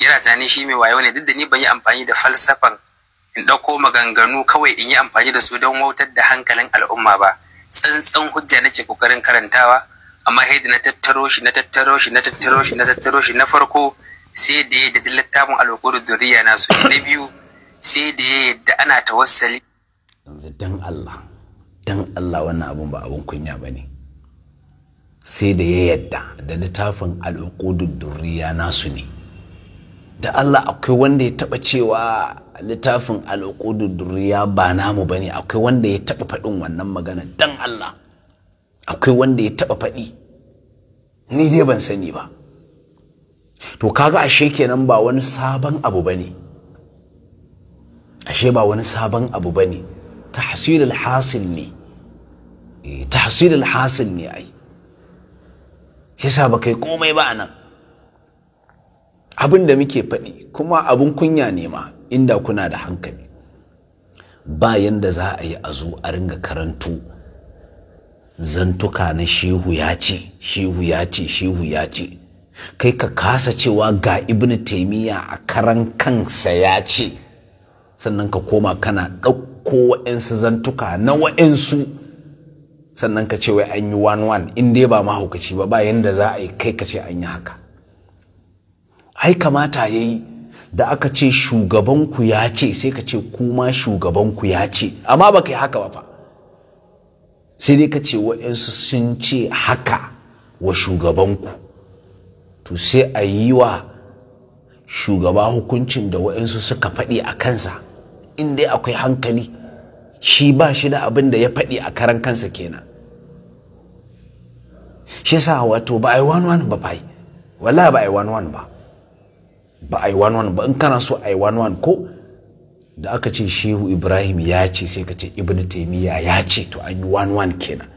yana tani shi mai wayo ne duk da ni ban yi amfani da falsafan in ɗauko maganganu kawai in yi amfani da su don wautar da hankalin al'umma ba tsantsan hujja nake kokarin karantawa amma hedi na tattaro shi na tattaro shi na tattaro shi na tattaro shi na farko sai da ya yi da littafin alƙur'an duriya na su na biyu sai da ya da ana tawassali dan Allah dan Allah wannan abun ba abun kunya ba ne sai da ya yadda da littafin al'uqudud durriya nasu ne da Allah akwai wanda ya taba cewa littafin al'uqudud durriya ba namu ba ne akwai wanda ya taba faɗin wannan magana dan Allah akwai wanda ya taba faɗi ni dai ban sani ba to kaga ashe kenan ba wani sabon abu bane ashe ba wani sabon abu bane tahsilul hasil ne hasil ne ai yasa ba kai komai ba anan abin da muke faɗi kuma abin kunya ne ma inda kuna da hankali ba yanda za a yi a zo a ringa karantu zantuka na shehu ya ce shehu ya ce shehu ya ce kai ka kasa cewa ga ibnu taimiyya a karan kansa ya ce sannan ka koma kana ɗauko waansu zantuka na wa'yansu sannan ka ce wai an yi wan-wan in dai ba mahaukaci ba ba yanda za a yi kai ka ce an yi haka ai kamata ya yi da aka ce shugabanku ya ce sai ka ce kuma shugabanku ya ce amma ba ka yi haka ba fa sai dai ka ce wa'yansu sun ce haka wa shugabanku to sai a yi wa shugaba hukuncin da wa'yansu suka faɗi a kansa in dai akwai hankali shi ba shi da abin da ya faɗi a karan kansa kenan shi sa wato ba a wani wani ba fa wala ba a wani wani ba ba a wani wani ba in kana so a wani wani ko da aka ce shehu ibrahim ya ce sai ka ce ibn taimiyya ya ce to an yi wani wani kenan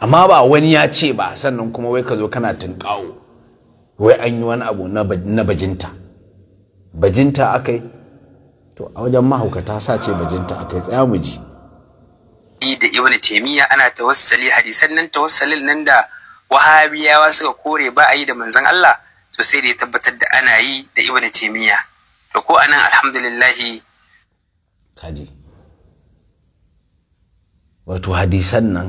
amma ba wani ya ce ba sannan kuma wai ka zo kana tunkawo wai an yi wani abu na bajinta bajinta aka yi to a wajen mahaukata sa ce bajinta akai tsaya mu ji da ibn taimiyya ana tawassali hadisan nan tawassalin nan da wahabiyawa suka kore ba a yi da manzon Allah to sai da tabbatar da ana yi da ibn taimiyya to ko anan alhamdulillahi kaji wato hadisan nan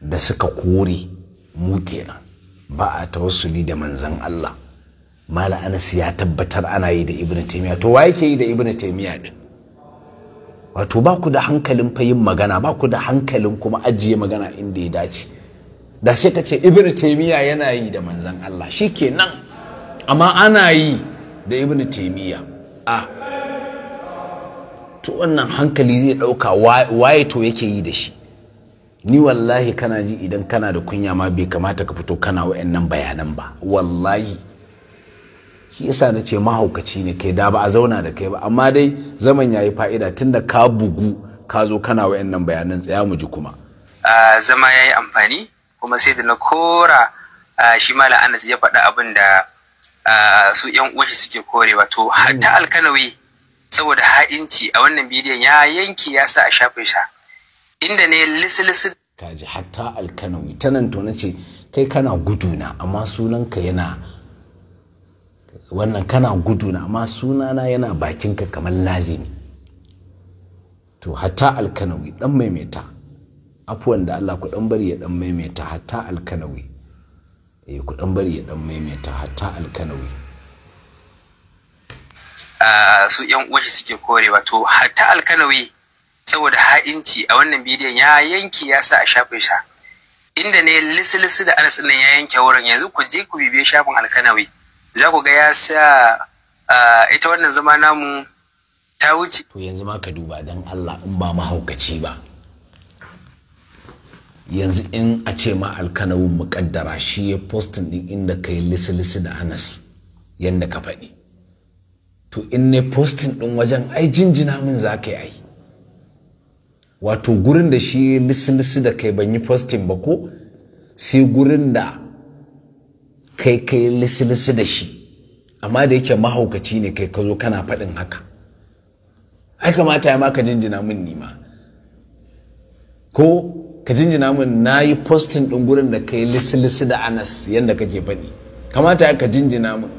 da suka kore mu kenan ba a tawassuli da manzon Allah mala anas ya tabbatar ana yi da ibnu taymiya to wa yake yi da ibnu taymiya din wato ba ku da hankalin fa yin magana ba ku da hankalin kuma ajiye magana inda ya dace da sai ka ce ibnu taymiya yana yi da manzon Allah shikenan amma ana yi da ibnu taymiya a to wannan hankali zai dauka waye to yake yi da shi ni wallahi kana ji idan kana da kunya ma bai kamata ka fito kana wayannan bayanan ba wallahi shi isa na ce mahaukaci ne kai da ba a zauna da kai ba amma dai zaman ya yi fa'ida tunda ka bugu ka zo kana wa wayannan bayanan tsaya mu ji kuma zama ya yi amfani kuma sai da na kora shi mala anas ya faɗi abin da su yan uwashi suke kore wato ta alkanawi saboda ha'inci a wannan bidiyon ya yanki ya sa a shafin sa inda ne lisilisi kaji hatta alkanawi tanan to na ce kai kana guduna amma sunanka yana wannan kana guduna amma sunana yana bakinka kamar lazimi to hatta alkanawi dan maimaita afuwan da Allah ku dan bari ya dan maimaita hatta alkanawi eh ku dan bari ya dan maimaita hatta alkanawi su yan uwashi shi suke korewa to hatta alkanawi saboda ha'inci a wannan bidiyon ya yanki ya sa a shafin sa inda ne lisilisu da anas ya yanke wurin yanzu ku je ku bibiye shafin alkanawi za ku ga ya sa ita wannan zama namu ta wuce to yanzu ma ka duba dan Allah in ba mahaukaci ba yanzu in a ce ma alkanawu muƙaddara shi ya postin din inda ka yi lisi-lisi da anas yadda ka faɗi to in ne postin din wajen ai jinjina min za ka yi wato gurin da shi lisi-lisi da kai ban yi postin ba ko sai gurin da kai kai lisilisi da shi amma da yake mahaukaci ne kai ka zo kana faɗin haka ai kamata ya ma ka jinjina min nima ko ka jinjina min na yi postin ɗin gurin da ka yi lisilisi da anas yadda kake faɗi kamata ya ka jinjina min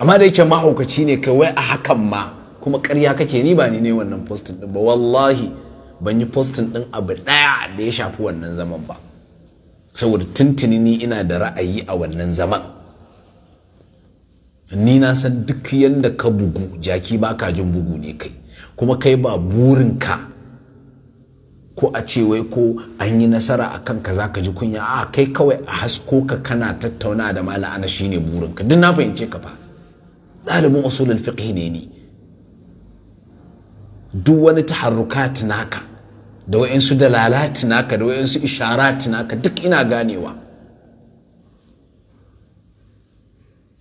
amma da yake mahaukaci ne kai wai a hakan ma kuma karya kake ni ba ni ne wannan postin ɗin ba wallahi ban yi postin ɗin abu ɗaya da ya shafi wannan zaman ba saboda tuntuni ni ina da ra'ayi a wannan zaman ni na san duk yadda ka bugu jaki ba ka jin bugu ne kai kuma kai ba burinka ko a ce wai ko an yi nasara a kanka za ka ji kunya a kai kawai a hasko ka kana tattauna da mala'ana ana shine burinka duk na fahimce ka fa ɗalibin usulul fiqh ne ni duk wani taharrukat naka da wa'insu dalalati naka da wa'insu isharati naka duk ina ganewa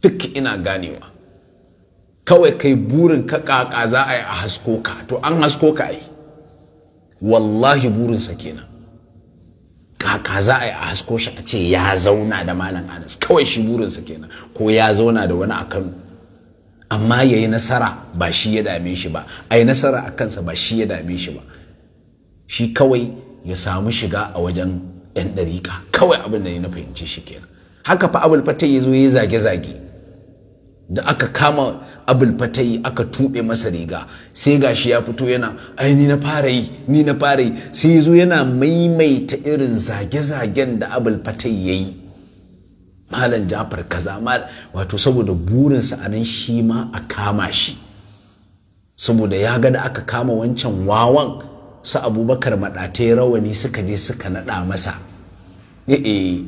duk ina ganewa kawai kai burin ka kaka za a yi a hasko ka to an hasko ka yi. wallahi burinsa kenan kaka za a yi a hasko shi a ce ya zauna da malam anas kawai shi burinsa kenan ko ya zauna da wani a kano amma ya yi nasara ba shi ya dame shi ba a yi nasara a kansa ba shi ya dame shi ba shi kawai ya samu shiga a wajen 'yan ɗariƙa kawai abin da ne na fahimci shi kenan haka fa abul fatai ya zo ya zage-zage da aka kama abul fatai aka tuɓe masa riga sai gashi ya fito yana ai ni na fara yi ni na fara yi sai ya zo yana maimaita irin zage-zagen da abul fatai ya yi malam jafar kaza wato saboda burinsa a nan shi ma a kama shi saboda ya ga da aka kama wancan wawan su abubakar maɗatai rawani suka je suka naɗa masa eh, eh,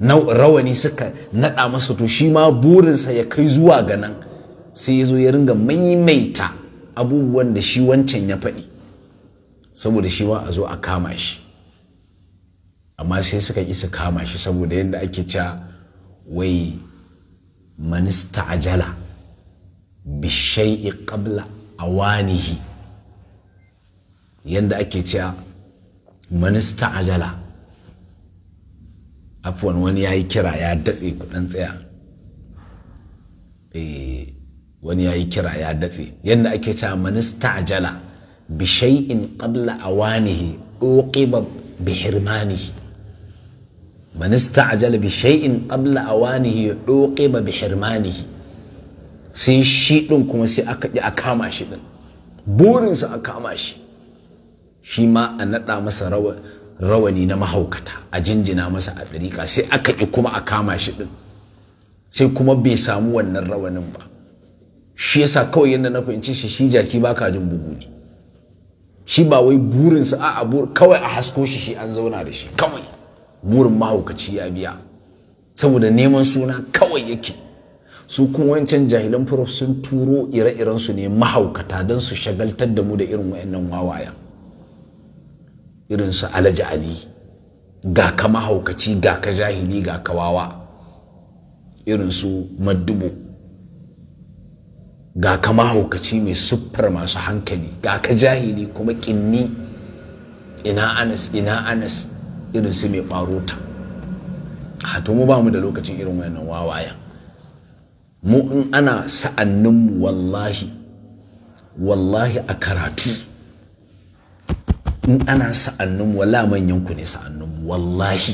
rawani suka naɗa masa to shi ma burinsa ya kai zuwa ga nan sai ya zo ya ringa maimaita abubuwan da shi wancan ya faɗi saboda shi ma a zo a kama shi amma sai suka ƙi kama shi saboda yadda ake cewa wai manista ajala bishai'i qabla awanihi yadda ake cewa minista ajala afuwan wani ya yi kira ya datse kudin tsaya eh, wani ya yi kira ya datse yadda ake cewa minista ajala bishai'in qabla awanihi uqiba bihirmanihi man ista'jala bi shay'in ƙabla awanihi uqiba bi hirmanihi sai shi ɗin kuma sai aka ɗi a kama shi ɗin, burinsa a kama shi shi ma a naɗa masa rawani na mahaukata a jinjina masa a ɗariƙa sai aka ƙi kuma a kama shi ɗin sai kuma bai samu wannan rawanin ba shi yasa kawai yadda na fahimci shi shi jaki ba ka jin bugu ne shi ba wai burinsa a kawai a hasko shi shi an zauna da shi kawai burin mahaukaci ya biya saboda neman suna kawai yake su kuma wancan jahilan prof sun turo ire-irensu ne mahaukata don su shagaltar da mu da irin wayannan wawayen irin su alaji ali ga ka mahaukaci ga ka jahili ga kawawa irin su maddubo ga ka mahaukaci mai siffar masu hankali ga ka jahili kuma kinni ina anas ina anas irin su mai ɓarota to mu ba mu da lokacin irin wannan wawayen mu in ana mu wallahi wallahi a karatu in ana sa'annin wala manyanku ne sa'annin wallahi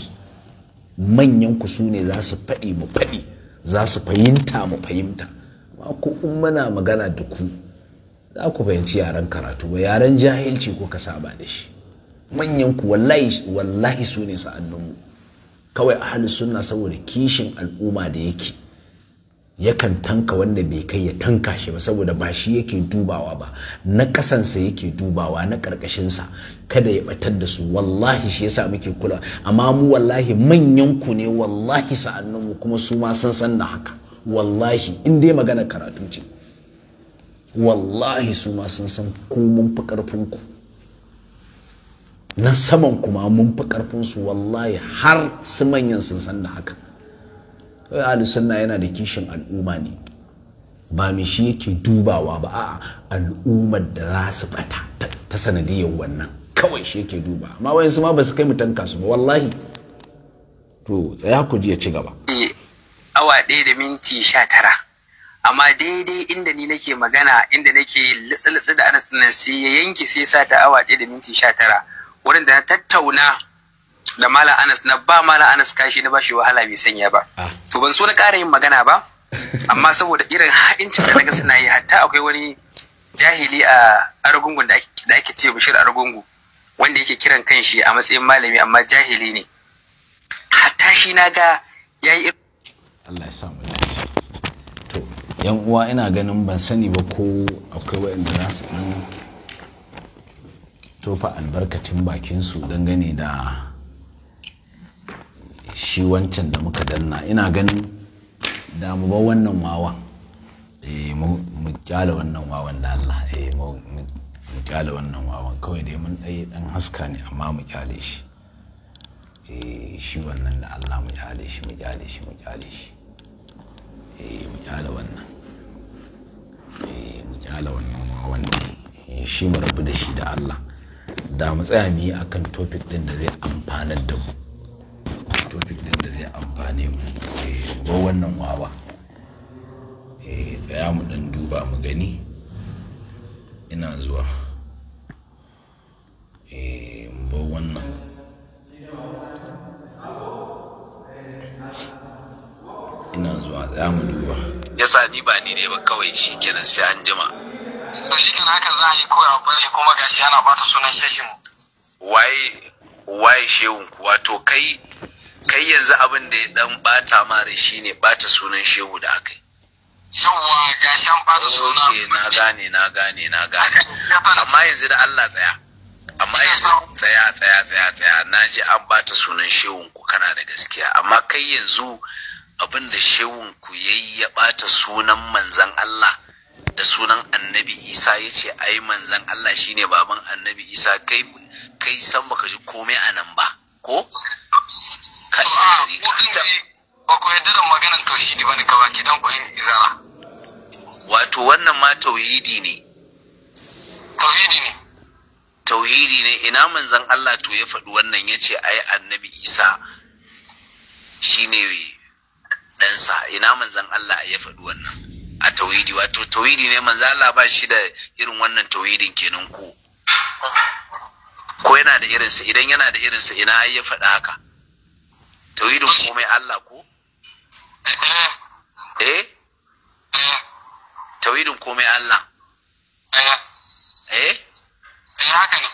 manyanku ku su ne za su faɗi mu faɗi za su fahimta mu fahimta ma ku in muna magana da ku za ku fahimci yaren karatu ba yaren jahilci ko ka saba da shi manyan ku wallahi wallahi su ne sa'annin mu kawai ahlus sunna saboda kishin al'umma da yake yakan tanka wanda bai kai ya tanka shi ba saboda ba shi yake dubawa ba na kasansa yake dubawa na karkashinsa kada ya batar da su wallahi shi yasa muke kula amma mu wallahi manyan ku ne wallahi sa'annan mu kuma su ma sun san da haka wallahi in dai magana karatu ce wallahi su ma sun san ku mun fi karfin ku na saman kuma mun fi karfin su wallahi har su manyan sun san da haka ahli sunna yana da kishin al'umma ne ba mai shi yake dubawa ba a al'ummar da za su bata ta sanadiyar wannan kawai shi yake duba amma wayansu ma ba su kai mutan kasu ba wallahi to tsaya ku ji ya ci gaba eh, awa ɗaya da minti sha tara amma daidai inda ni nake magana inda nake litsi-litsi da ana nan sai ya yanke sai sa ta awa ɗaya da minti sha tara wurin na tattauna da mala anas na ba malam anas kashi na bashi wahala bai sanya ba ah. to ban so na ƙara yin magana ba [LAUGHS] amma saboda irin ha'incin da naga suna yi hatta akwai wani jahili a argungun da ake ce bishir argungu wanda yake kiran kanshi a matsayin malami amma jahili ne hatta shi na ga ya yi Allah ya samu to yan uwa ina ganin ban sani ba ko akwai waɗanda za su tofa albarkacin bakin su dangane da shi wancan da muka danna ina ganin da mu ba wannan wawan eh, mu kyale wannan wawan da Allah eh, mu kyale wannan wawan kawai dai mun ɗaya ɗan haska ne amma mu kyale shi eh, shi wannan da Allah mu kyale shi mu kyale shi mu kyale shi mu kyale wannan mu kyale wannan wawan shi mu rabu da shi da Allah da mu tsaya mu yi akan topic ɗin da zai amfanar da mu topic din da zai amfane mu eh, ba wannan wawa eh, tsaya mu dan duba mu gani ina zuwa eh, ba wannan ina zuwa tsaya mu duba yasa ni ba ni ne ba kawai shi kenan sai an jima to shi kenan haka za a yi koya a bari kuma gashi ana bata sunan shehin waye waye shehun wato kai kai yanzu abin da ya dan bata mara shine bata sunan shehu da aka yi yawwa ga shan bata sunan okay na gane na gane na gane amma yanzu da Allah tsaya amma yanzu tsaya tsaya tsaya tsaya na ji an bata sunan shehun ku kana da gaskiya amma kai yanzu abin da shehun ku yayi ya bata sunan manzon Allah da sunan annabi isa ya ce ai manzan Allah shine baban annabi isa kai kai san baka ji komai a nan ba ko kai ba ku yadda da maganan tauhidi bane ka baki dan ku izara wato wannan ma tauhidi ne tauhidi ne tauhidi ne ina manzon Allah to ya faɗi wannan ya yace ai annabi Isa shi ne ɗansa ina manzon Allah ya faɗi wannan a tauhidi wato tauhidi ne manzon Allah ba shi da irin wannan tauhidin kenan ko ko yana da irinsa idan yana da irinsa ina ai ya faɗi haka tauhidin komai Allah ko eh, eh? eh. tauhidin komai Allah eh. eh eh haka ne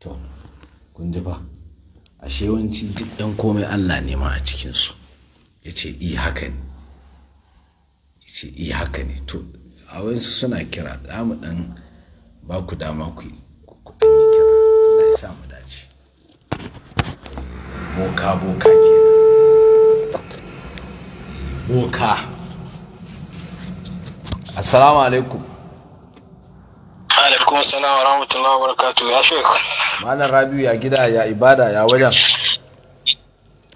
to kun ji ba ashe wanci duk ɗan komai Allah ne ma a cikinsu ya ce i haka ne ya ce i haka ne to a wayansu suna kira za mu ɗan ba ku dama ku yi kira Allah ya sa mu dace boka boka boka assalamu alaikum alaikum assalamu wa rahmatullahi wa barakatuh ya shek malam rabiu ya gida ya ibada ya wajen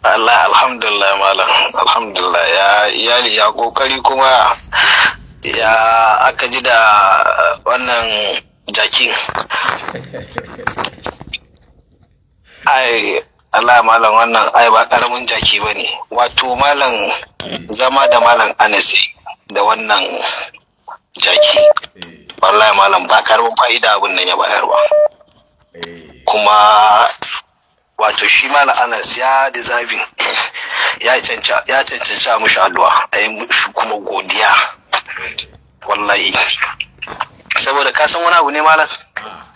Allah alhamdulillah malam alhamdulillah ya iyali ya kokari kuma ya aka ji da wannan jakin [LAUGHS] ai Allah malam wannan ai ba karamin jaki ba ne wato malam zama da malam Anas da wannan jaki eh. wallahi malam ba karamin fa'ida abin nan ya bayarwa eh. kuma wato shi malam anas ya deserving [COUGHS] ya cancanci a mushi addu'a a yi mushi kuma godiya wallahi saboda kasan wani abu ne malam ah,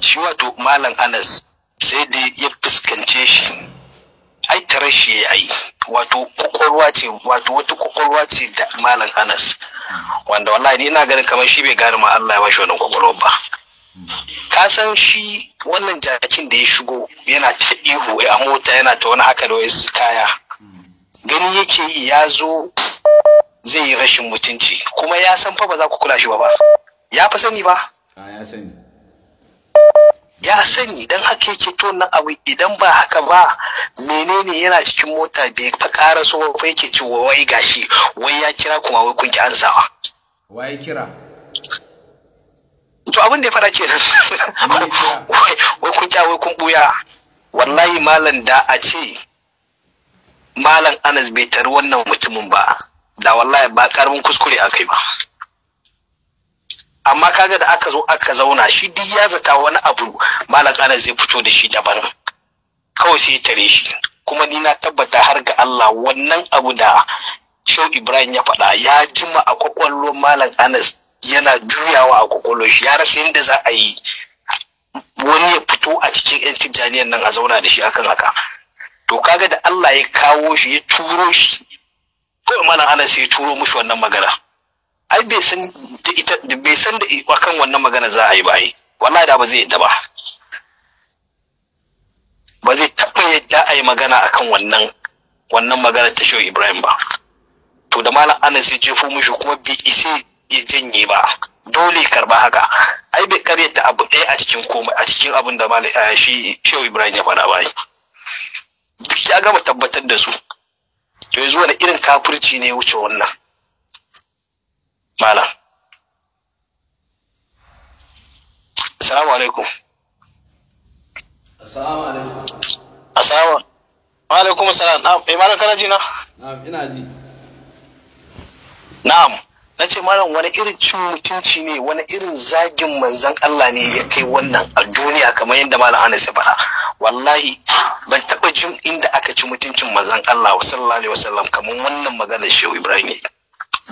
shi wato malam anas sai da ya fuskance shi ai tare shi ya yi wato kwakwalwa ce wato wata kwakwalwa ce da malam anas wanda wallahi ni ina ganin kamar shi bai gane ma Allah ya bashi wannan kwakwalwa ba ka san shi wannan jakin da ya shigo yana ta ihu a mota yana ta wani haka da wasu kaya gani yake yi ya zo zai yi rashin mutunci kuma ya san fa ba za ku kula shi ba ba ya fi sani ba ah, ya sani ya sani idan haka yake to nan abu idan ba haka ba menene yana cikin mota bai fa ƙara so ba yake ce wai gashi wai ya kira kuma wai kun ki ansawa wai kira to abin da ya fara ke [LAUGHS] wai kun kya wai kun buya wallahi malam da a ce malam Anas bai tari wannan mutumin ba da wallahi ba karamin kuskure akai ba amma kaga da aka zo aka zauna shi duk ya zata wani abu malam anas zai fito da shi daban kawai sai tare shi kuma ni na tabbata har ga Allah wannan abu da Shau Ibrahim ya faɗa ya jima a kwakwalwar Malam Anas yana juyawa a kwakwalwar shi ya rasa yadda za a yi wani ya fito a cikin 'yan tijjaniyar nan a zauna da shi akan haka. To kaga da Allah ya kawo shi ya turo shi kawai Malam Anas ya turo mushi wannan magana. ai bai san da ita bai san da akan wannan magana za a yi ba ai wallahi da ba zai yadda ba ba zai taɓa yadda a yi magana akan wannan wannan magana ta shehu ibrahim ba to da malam anas ya jefo mushi kuma bai ise ya janye ba dole karba haka ai bai karyata abu ɗaya a cikin komai a cikin abin da malam eh, shi shehu ibrahim ya faɗa bai duk ya gama tabbatar da su to yanzu wani irin kafirci ne wuce wannan malam assalamu alaikum assalamu alaikum assalamu alaikum assalam na'am eh malam kana ji na na'am ina ji na'am na ce malam wani irin cin mutunci ne wani irin zagin manzan Allah ne ya kai wannan a duniya kamar yadda malam Anas ya faɗa wallahi ban taɓa jin inda aka ci mutuncin manzan Allah sallallahu alaihi wasallam kamar wannan maganar Shehu Ibrahim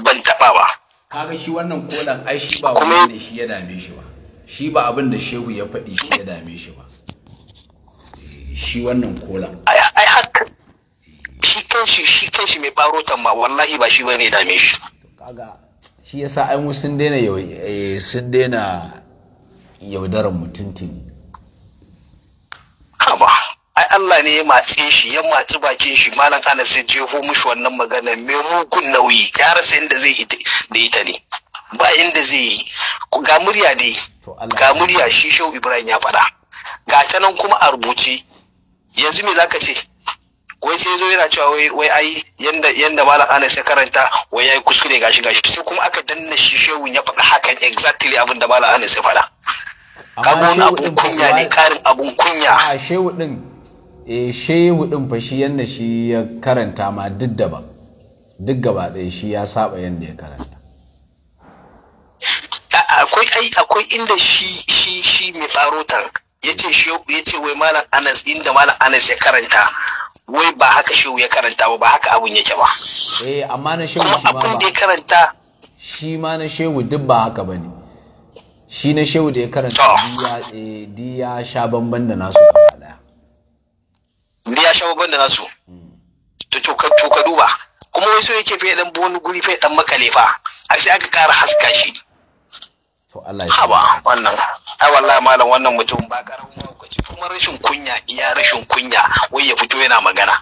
ban taɓa ba kaga shi wannan kolan ai shi ba wani ne shi ya dame shi ba shi ba abin da shehu ya faɗi shi ya dame shi ba eh, shi wannan kolan ai haka shi kanshi shi kanshi mai barotan ma wallahi ba shi bane ya dame shi kaga shi yasa ai mu sun daina eh, sun daina yaudaran mutuntuni kaba. ai Allah ne ya matse shi ya matsi bakin shi malam ana sai jeho mushi wannan magana me mugun nauyi ya rasa inda zai yi da ita ne ba inda zai yi ga murya dai ga murya shi shau Ibrahim ya faɗa ga ta nan kuma a rubuce yanzu me zaka ce wai sai zo yana cewa wai wai ai yanda yanda malam Anas ya karanta wai yayi kuskure gashi gashi sai kuma aka danna shi shehun ya faɗa hakan exactly abin da malam Anas ya faɗa kaga wani abun kunya ne karin abun kunya a shehu din e shehu din fa shi yanda shi ya karanta ma duk da duk gaba ɗaya shi ya saba yanda ya karanta akwai ai akwai inda shi shi shi mai tsaro tan yace shehu yace wai malam Anas inda malam Anas ya karanta wai ba haka shehu ya karanta ba ba haka abun yake ba eh amma na shehu shi ma da ya karanta shi ma na shehu duk ba haka bane shi na shehu da ya karanta diya eh, sha bamban da nasu gaba daya da ya shawo babban nasu to ka duba kuma wai so yake fe dan wani guri fe dan makalefa fa sai aka kara haska shi to Allah ya haba wannan ai wallahi malam wannan mutum ba karamin kuma rashin kunya iya rashin kunya wai ya fito yana magana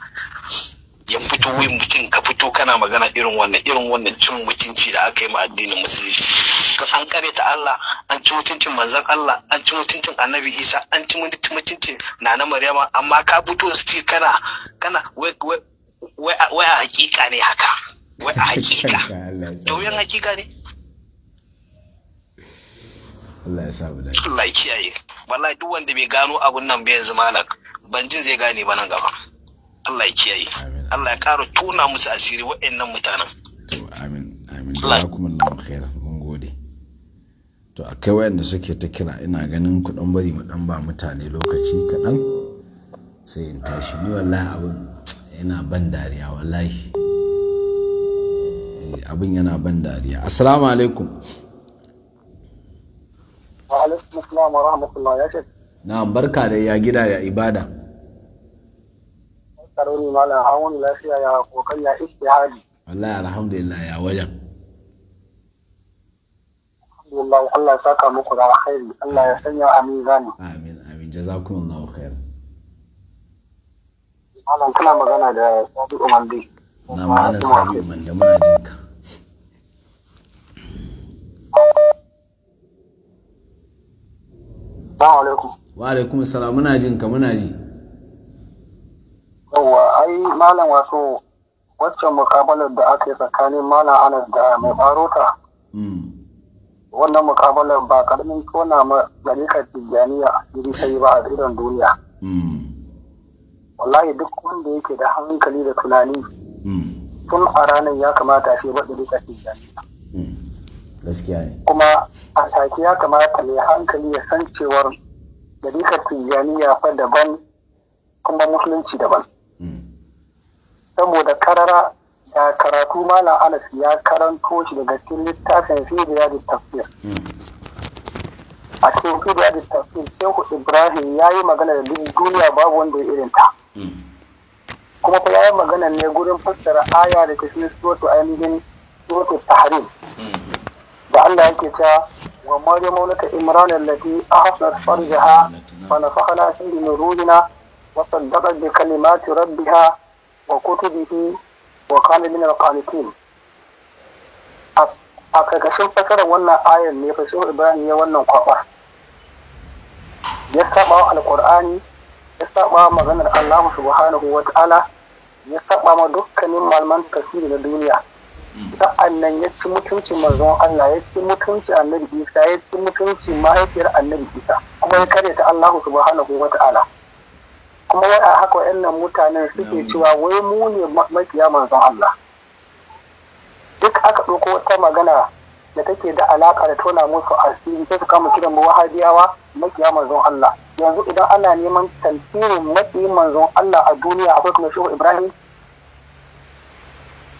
ya fito wai mutum ka fito kana magana irin wannan irin wannan cin mutunci da aka yi ma addinin musulunci an kare ta Allah an ci mutuncin manzon Allah an ci mutuncin annabi Isa an ci mutuncin nana Maryama amma ka fito sai kana kana wai wai a hakika ne haka wai a hakika [LAUGHS] yan hakika ne Allah ya sa mu dace Allah ya kiyaye wallahi duk wanda bai gano abun nan bai yanzu ban jin zai gane ba nan gaba Allah ya kiyaye Allah ya ƙara tona musu asiri waɗannan mutanen to amin amin lamar khairan mun gode to akwai wayanda suke ta kira ina ganin ku bari mu ɗan ba mutane lokaci kaɗan sai in tashi ni wallahi abin yana ban dariya wallahi eh, abin yana ban dariya assalamu alaikum wa alaikum assalam wa rahmatullahi ya na barka da ya gida ya ibada tsaro ne malam an wani lafiya ya kokari ya ishtihadi wallahi alhamdulillah ya wajen alhamdulillah Allah ya saka muku da alkhairi Allah ya sanya amin zani amin amin jazakumullahu khair malam kana magana da Sabi Umandi na malam Sabi Umandi muna jinka Assalamu alaikum. Wa alaikum salam muna jinka muna ji. yawwa ai malam wasu waccan mukabalar da aka yi tsakanin malam anas da mai barota mm. wannan mukabalar ba karamin tona ma ɗarikar tijjaniya irin sai ba a irin duniya mm. wallahi duk wanda yake da hankali da tunani mm. tun a ranar ya kamata shi ba ɗarikar tijjaniya gaskiya ne kuma a take ya kamata mai hankali ya san cewar ɗarikar tijjaniya fa daban kuma musulunci daban saboda karara da karatu malam anas ya karanto shi daga cikin littafin fidiya da tafsir a cikin fidiya da tafsir shehu ibrahim ya yi magana da duniya babu wanda ya irin ta kuma fa ya yi magana ne gurin fassara aya da cikin suratu ainihin suratu tahrim da Allah yake ta, wa maryamu ibnata imran allati ahsanat farjaha fa nafakhna min ruhina wa saddaqat bi kalimati rabbiha وكتبه وكان من القانتين a karkashin fasarar wannan ayar ne fashe ibrahim ya wannan kwaba ya saba alkur'ani ya saba maganar allahu subhanahu wa ta'ala ya saba ma dukkanin malaman tasiri na duniya sa'annan ya ci mutunci manzon allah ya ci mutunci annabi isa ya ci mutunci mahaifiyar annabi isa kuma ya karyata allahu subhanahu wa ta'ala kuma wai a haka wa'annan mutanen suke cewa wai mu ne makiya manzon Allah duk aka ɗauko wata magana da take da alaƙa da tona musu asiri sai su kama kiran mu wahabiyawa makiya manzon Allah yanzu idan ana neman tantirin makiyin manzon Allah a duniya akwai kuma shehu Ibrahim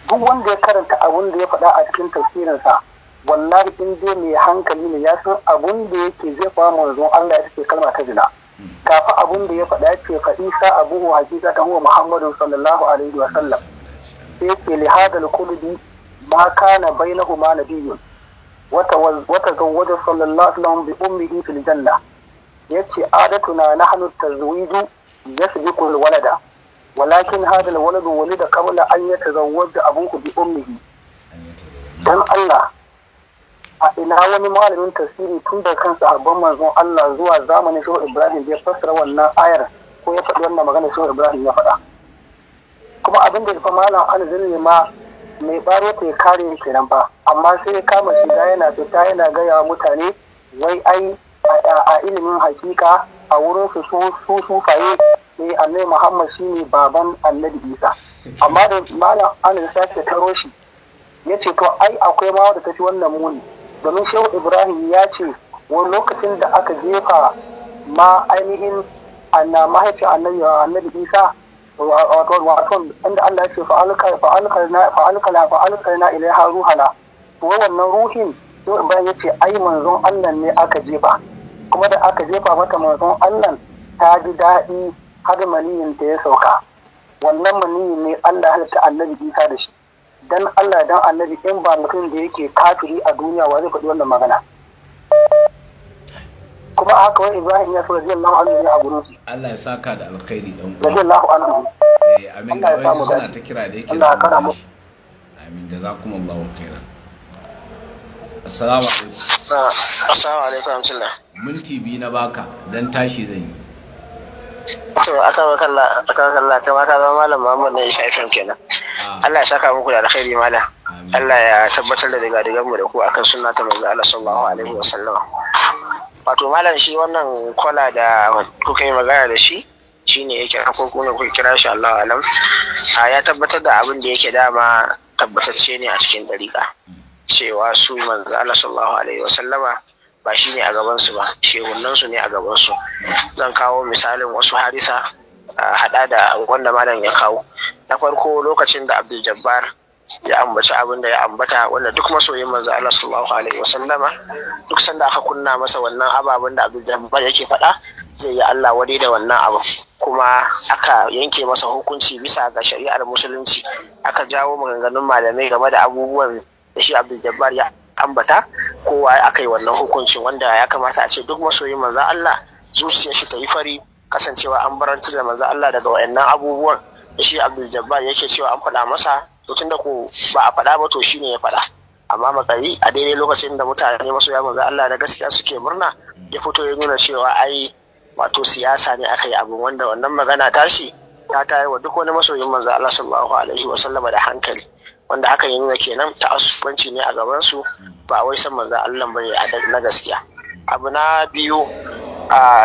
duk wanda ya karanta abun da ya faɗa a cikin tafsirinsa wallahi in dai mai hankali ne ya san abun da yake zai fara manzon Allah ya take kalma ta jina kafa abin da ya faɗa ce fa isa hakika ta huwa muhammadu sallallahu alaihi wa sallam sai ke li hadal kulbi ma kana huma na biyun. wata zawwaja sallallahu alaihi wa sallam bi ummi ummihi fil janna Ya yace adatuna nahnu tazwiju yasbiqu al walada walakin hadal waladu walida qabla an yatazawwaja abuhu bi ummihi dan Allah a ina wani malamin tasiri tun da kan sahabban manzon Allah zuwa zamanin Shehu Ibrahim ya fassara wannan ayar ko ya faɗi wannan magana Shehu Ibrahim ya faɗa kuma abin da fa malam alzirri ma mai baro ta kare kenan ba amma sai ya kama shiga yana fita yana gaya mutane wai ai a ilimin hakika a wurin su su sufaye ne eh, annabi Muhammad shi ne baban annabi Isa amma da malam alzirri sai ta taro shi ya ce to ai akwai ma ta ci wannan muni domin shehu ibrahim ya ce wani lokacin da aka jefa ma ainihin anna mahaifi annabi annabi isa wato wato inda Allah ya ce fa'alka fa'alka na ilai la ruhana to wannan ruhin shehu ibrahim ya ce ai manzon Allah ne aka jefa kuma da aka jefa mata manzon Allah ta ji daɗi har maniyin ta ya sauka wannan maniyin ne Allah ya halitta annabi isa da shi dan Allah dan annabi in ba mutum da yake kafiri a duniya wa zai faɗi wannan magana kuma a haka wani Ibrahim ya so radiyallahu anhu ne a gurin su Allah ya saka da alkhairi dan uwa eh amin da wai suna ta kira da yake Allah ya kara mu amin da zakumullahu khairan assalamu alaikum ah, assalamu alaikum minti biyu na baka dan tashi zan yi to aka makalla aka makalla kai ma zama malam Muhammad na Isha FM kenan ah. Allah ya saka muku da alkhairi malam Allah ya tabbatar da daga digan mu da ku akan sunna ta manzo Allah sallallahu alaihi wasallam wato malam shi wannan kola da kuka yi magana da shi shine yake ko kuna kuka kira shi Allah alam ah, ya tabbatar da abin da yake dama tabbatacce ne a cikin dariƙa hmm. cewa su manzo Allah sallallahu alaihi wasallama ba shi ne a gabansu ba su ne a gabansu zan kawo misalin wasu harisa hada da wanda malam ya kawo na farko lokacin da abdul jabbar ya ambaci abin da ya ambata wanda duk masoyin manzo Allah sallallahu alaihi wasallama duk sanda aka kunna masa wannan ababen da Abdul Jabbar yake faɗa zai yi Allah wadi da wannan abu kuma aka yanke masa hukunci bisa ga shari'ar musulunci aka jawo maganganun malamai game da abubuwan da shi Abdul Jabbar ya ambata kowa aka yi wannan hukuncin wanda ya kamata a ce duk masoyin manzan Allah zuciyar shi ta yi fari kasancewa an barantar da manzan Allah daga wayannan abubuwan da shi Abdul Jabbar yake cewa an faɗa masa to tunda ko ba a faɗa ba to shine ya faɗa amma matsayi a daidai lokacin da mutane masoya manzan Allah da gaskiya suke murna ya fito ya nuna cewa ai wato siyasa ne aka yi abu. wanda wannan magana tashi ta tayar wa duk wani masoyin manzan Allah sallallahu alaihi wa sallama da hankali wanda hakan yi nuna kenan asubanci ne a gabansu su ba wai san manzon Allah bane na gaskiya abu na biyu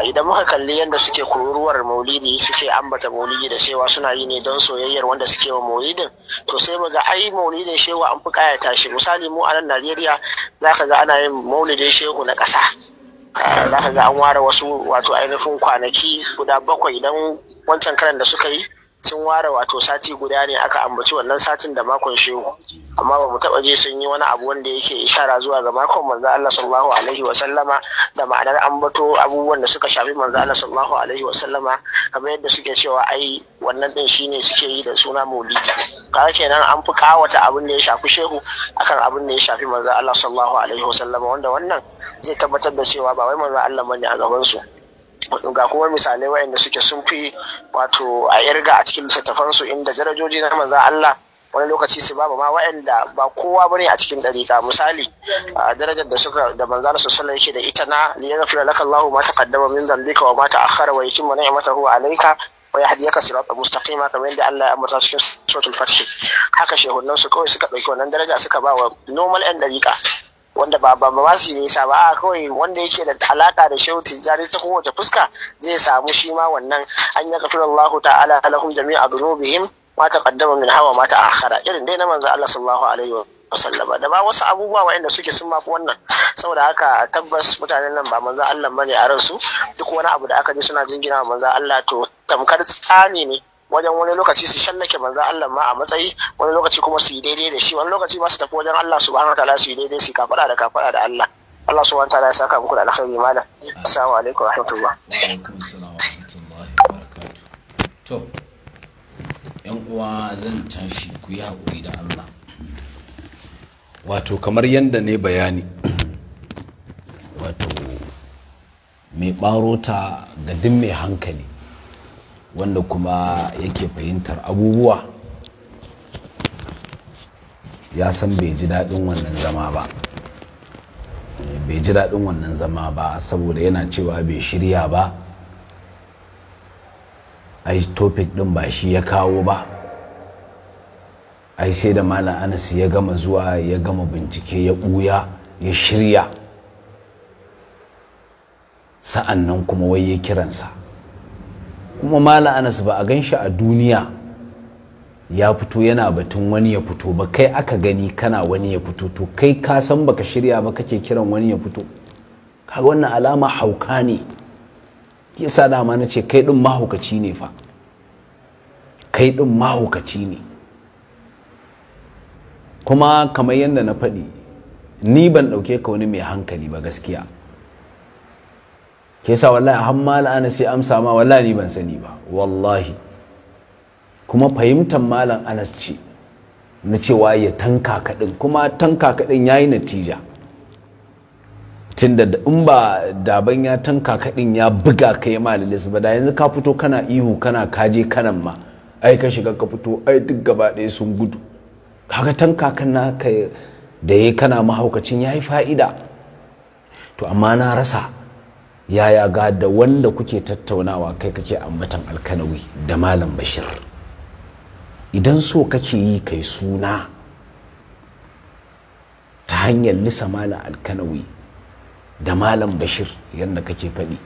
idan muka kalli yadda suke kururuwar maulidi suke ambata maulidi da cewa suna yi ne don soyayyar wanda suke wa maulidin to sai mu ga ai maulidin shewa an fi kayata shi misali mu a nan Najeriya zaka ga ana yin maulidin shehu na ƙasa zaka ga an ware wasu wato ainihin kwanaki guda bakwai idan wancan karan da suka yi sun ware wato sati guda ne aka ambaci wannan satin da makon shehu amma ba mu taba je sun yi wani abu wanda yake ishara zuwa ga makon manzo Allah sallallahu alaihi wa sallama da ma'anar ambato abubuwan da suka shafi manzo Allah sallallahu alaihi wa sallama kamar yadda suke cewa ai wannan din shine suke yi da suna maulidi kaga kenan an fi kawata abin da ya shafi shehu akan abin da ya shafi manzo Allah sallallahu alaihi wa sallama wanda wannan zai tabbatar da cewa ba wai manzo Allah bane a gaban su ga kuma misalai wayanda suke sun fi wato a irga a cikin su inda darajoji na manzan Allah wani lokaci su babu ma wayanda ba kowa bane a cikin dariƙa. misali darajar da suka da manzan su sallan da ita na liyaghfira laka Allahu ma taqaddama min dhanbika wa ma ta'akhkhara wa yutimma ni'matahu alayka ويهديك صراطا mustaqima kamar yadda Allah ya amurta cikin suratul fatih haka shehunan su kawai suka dauki wannan daraja suka ba wa normal ɗan dariƙa wanda ba ba ba su nisa ba kawai wanda yake da alaka da shautin jari ta kowace fuska zai samu shi ma wannan an yaka Allah ta'ala lahum jami'a dhunubihim ma taqaddama min hawa ma ta'akhara irin dai na manzo Allah sallallahu alaihi wa sallama da ba wasu abubuwa waɗanda suke sun mafi wannan saboda haka tabbas mutanen nan ba manzo Allah ne a ransu duk wani abu da aka ji suna jingina manzo Allah to tamkar tsami ne wajen wani lokaci su shallake banza Allah ma a matsayi wani lokaci kuma su yi daidai da shi wani lokaci ma su tafi wajen Allah subhanahu wataala su yi daidai su kafada da kafada da Allah Allah subhanahu wataala ya saka muku da alkhairi malam assalamu alaikum warahmatullahi wa wa to yan uwa zan tashi ku yi haƙuri da Allah wato kamar yadda ne bayani wato mai barota ga duk mai hankali wanda kuma yake fahimtar abubuwa ya san bai ji daɗin wannan zama ba eh, bai ji daɗin wannan zama ba saboda yana cewa bai shirya ba ai topic ɗin ba shi ya kawo ba ai sai da malam anas ya gama zuwa ya gama bincike ya ɓuya ya shirya sa'an nan kuma wai ya kiransa kuma mala anas ba a gan shi a duniya ya fito yana batun wani ya fito ba kai aka gani kana wani ya fito to kai ka san baka shirya ba kake kiran wani ya fito ka wannan alama hauka ne yasa dama na ce kai din mahaukaci ne fa kai din mahaukaci ne kuma kamar yadda na faɗi ni ban ɗauke ka wani mai hankali ba gaskiya ke sa wallahi a hamma la'ana sai amsa ma wallahi ni ban sani ba wallahi kuma fahimtar malam anas ce na cewa ya tanka kaɗin kuma tanka kaɗin ya yi natija tunda in ba daban ya tanka kaɗin ya buga ka yi malalis ba da yanzu ka fito kana ihu kana kaje kanan ma ai ka shiga ka fito ai duk gaba ɗaya sun gudu kaga tanka kana da ya kana mahaukacin ya yi fa'ida to amma na rasa yaya ga da wanda kuke tattaunawa kai kake ambatan alkanawi da malam bashir idan so kake yi kai suna ta hanyar lisa malam alkanawi da malam bashir yadda kake faɗi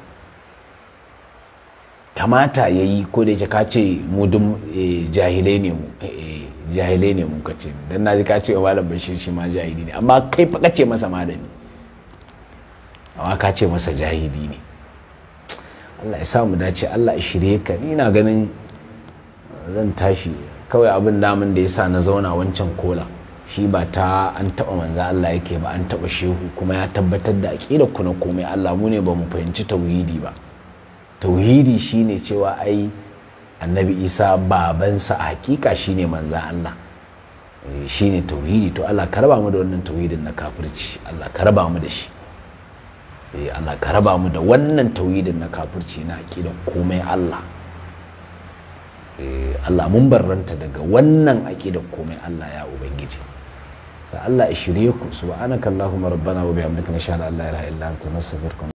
kamata ya yi ko da yake ka ce mu dum eh, jahilai ne mu eh, jahilai ne mu kace dan na ji ka ce malam bashir shi ma jahili ne amma kai fa kace masa malami amma ka ce masa jahidi ne Allah ya samu dace Allah ya shirye ka ni na ganin zan tashi kawai abin damin da ya sa na zauna wancan kola shi ba ta an taɓa manzo Allah yake ba an taba shehu kuma ya tabbatar da aƙidar ku na komai Allah mu ne ba mu fahimci tauhidi ba tauhidi shine cewa ai annabi isa babansa a hakika shine manza, Allah eh, shine tauhidi to Allah ka raba mu da wannan tauhidin na kafirci Allah ka raba mu da shi eh Allah ka raba mu da wannan tauhidin na kafirci na aqida komai Allah eh Allah mun barranta daga wannan aqida komai Allah ya ubangiji sai Allah ya shirye ku subhanakallahumma rabbana wa bihamdika nashhadu an la ilaha illa anta nastaghfiruka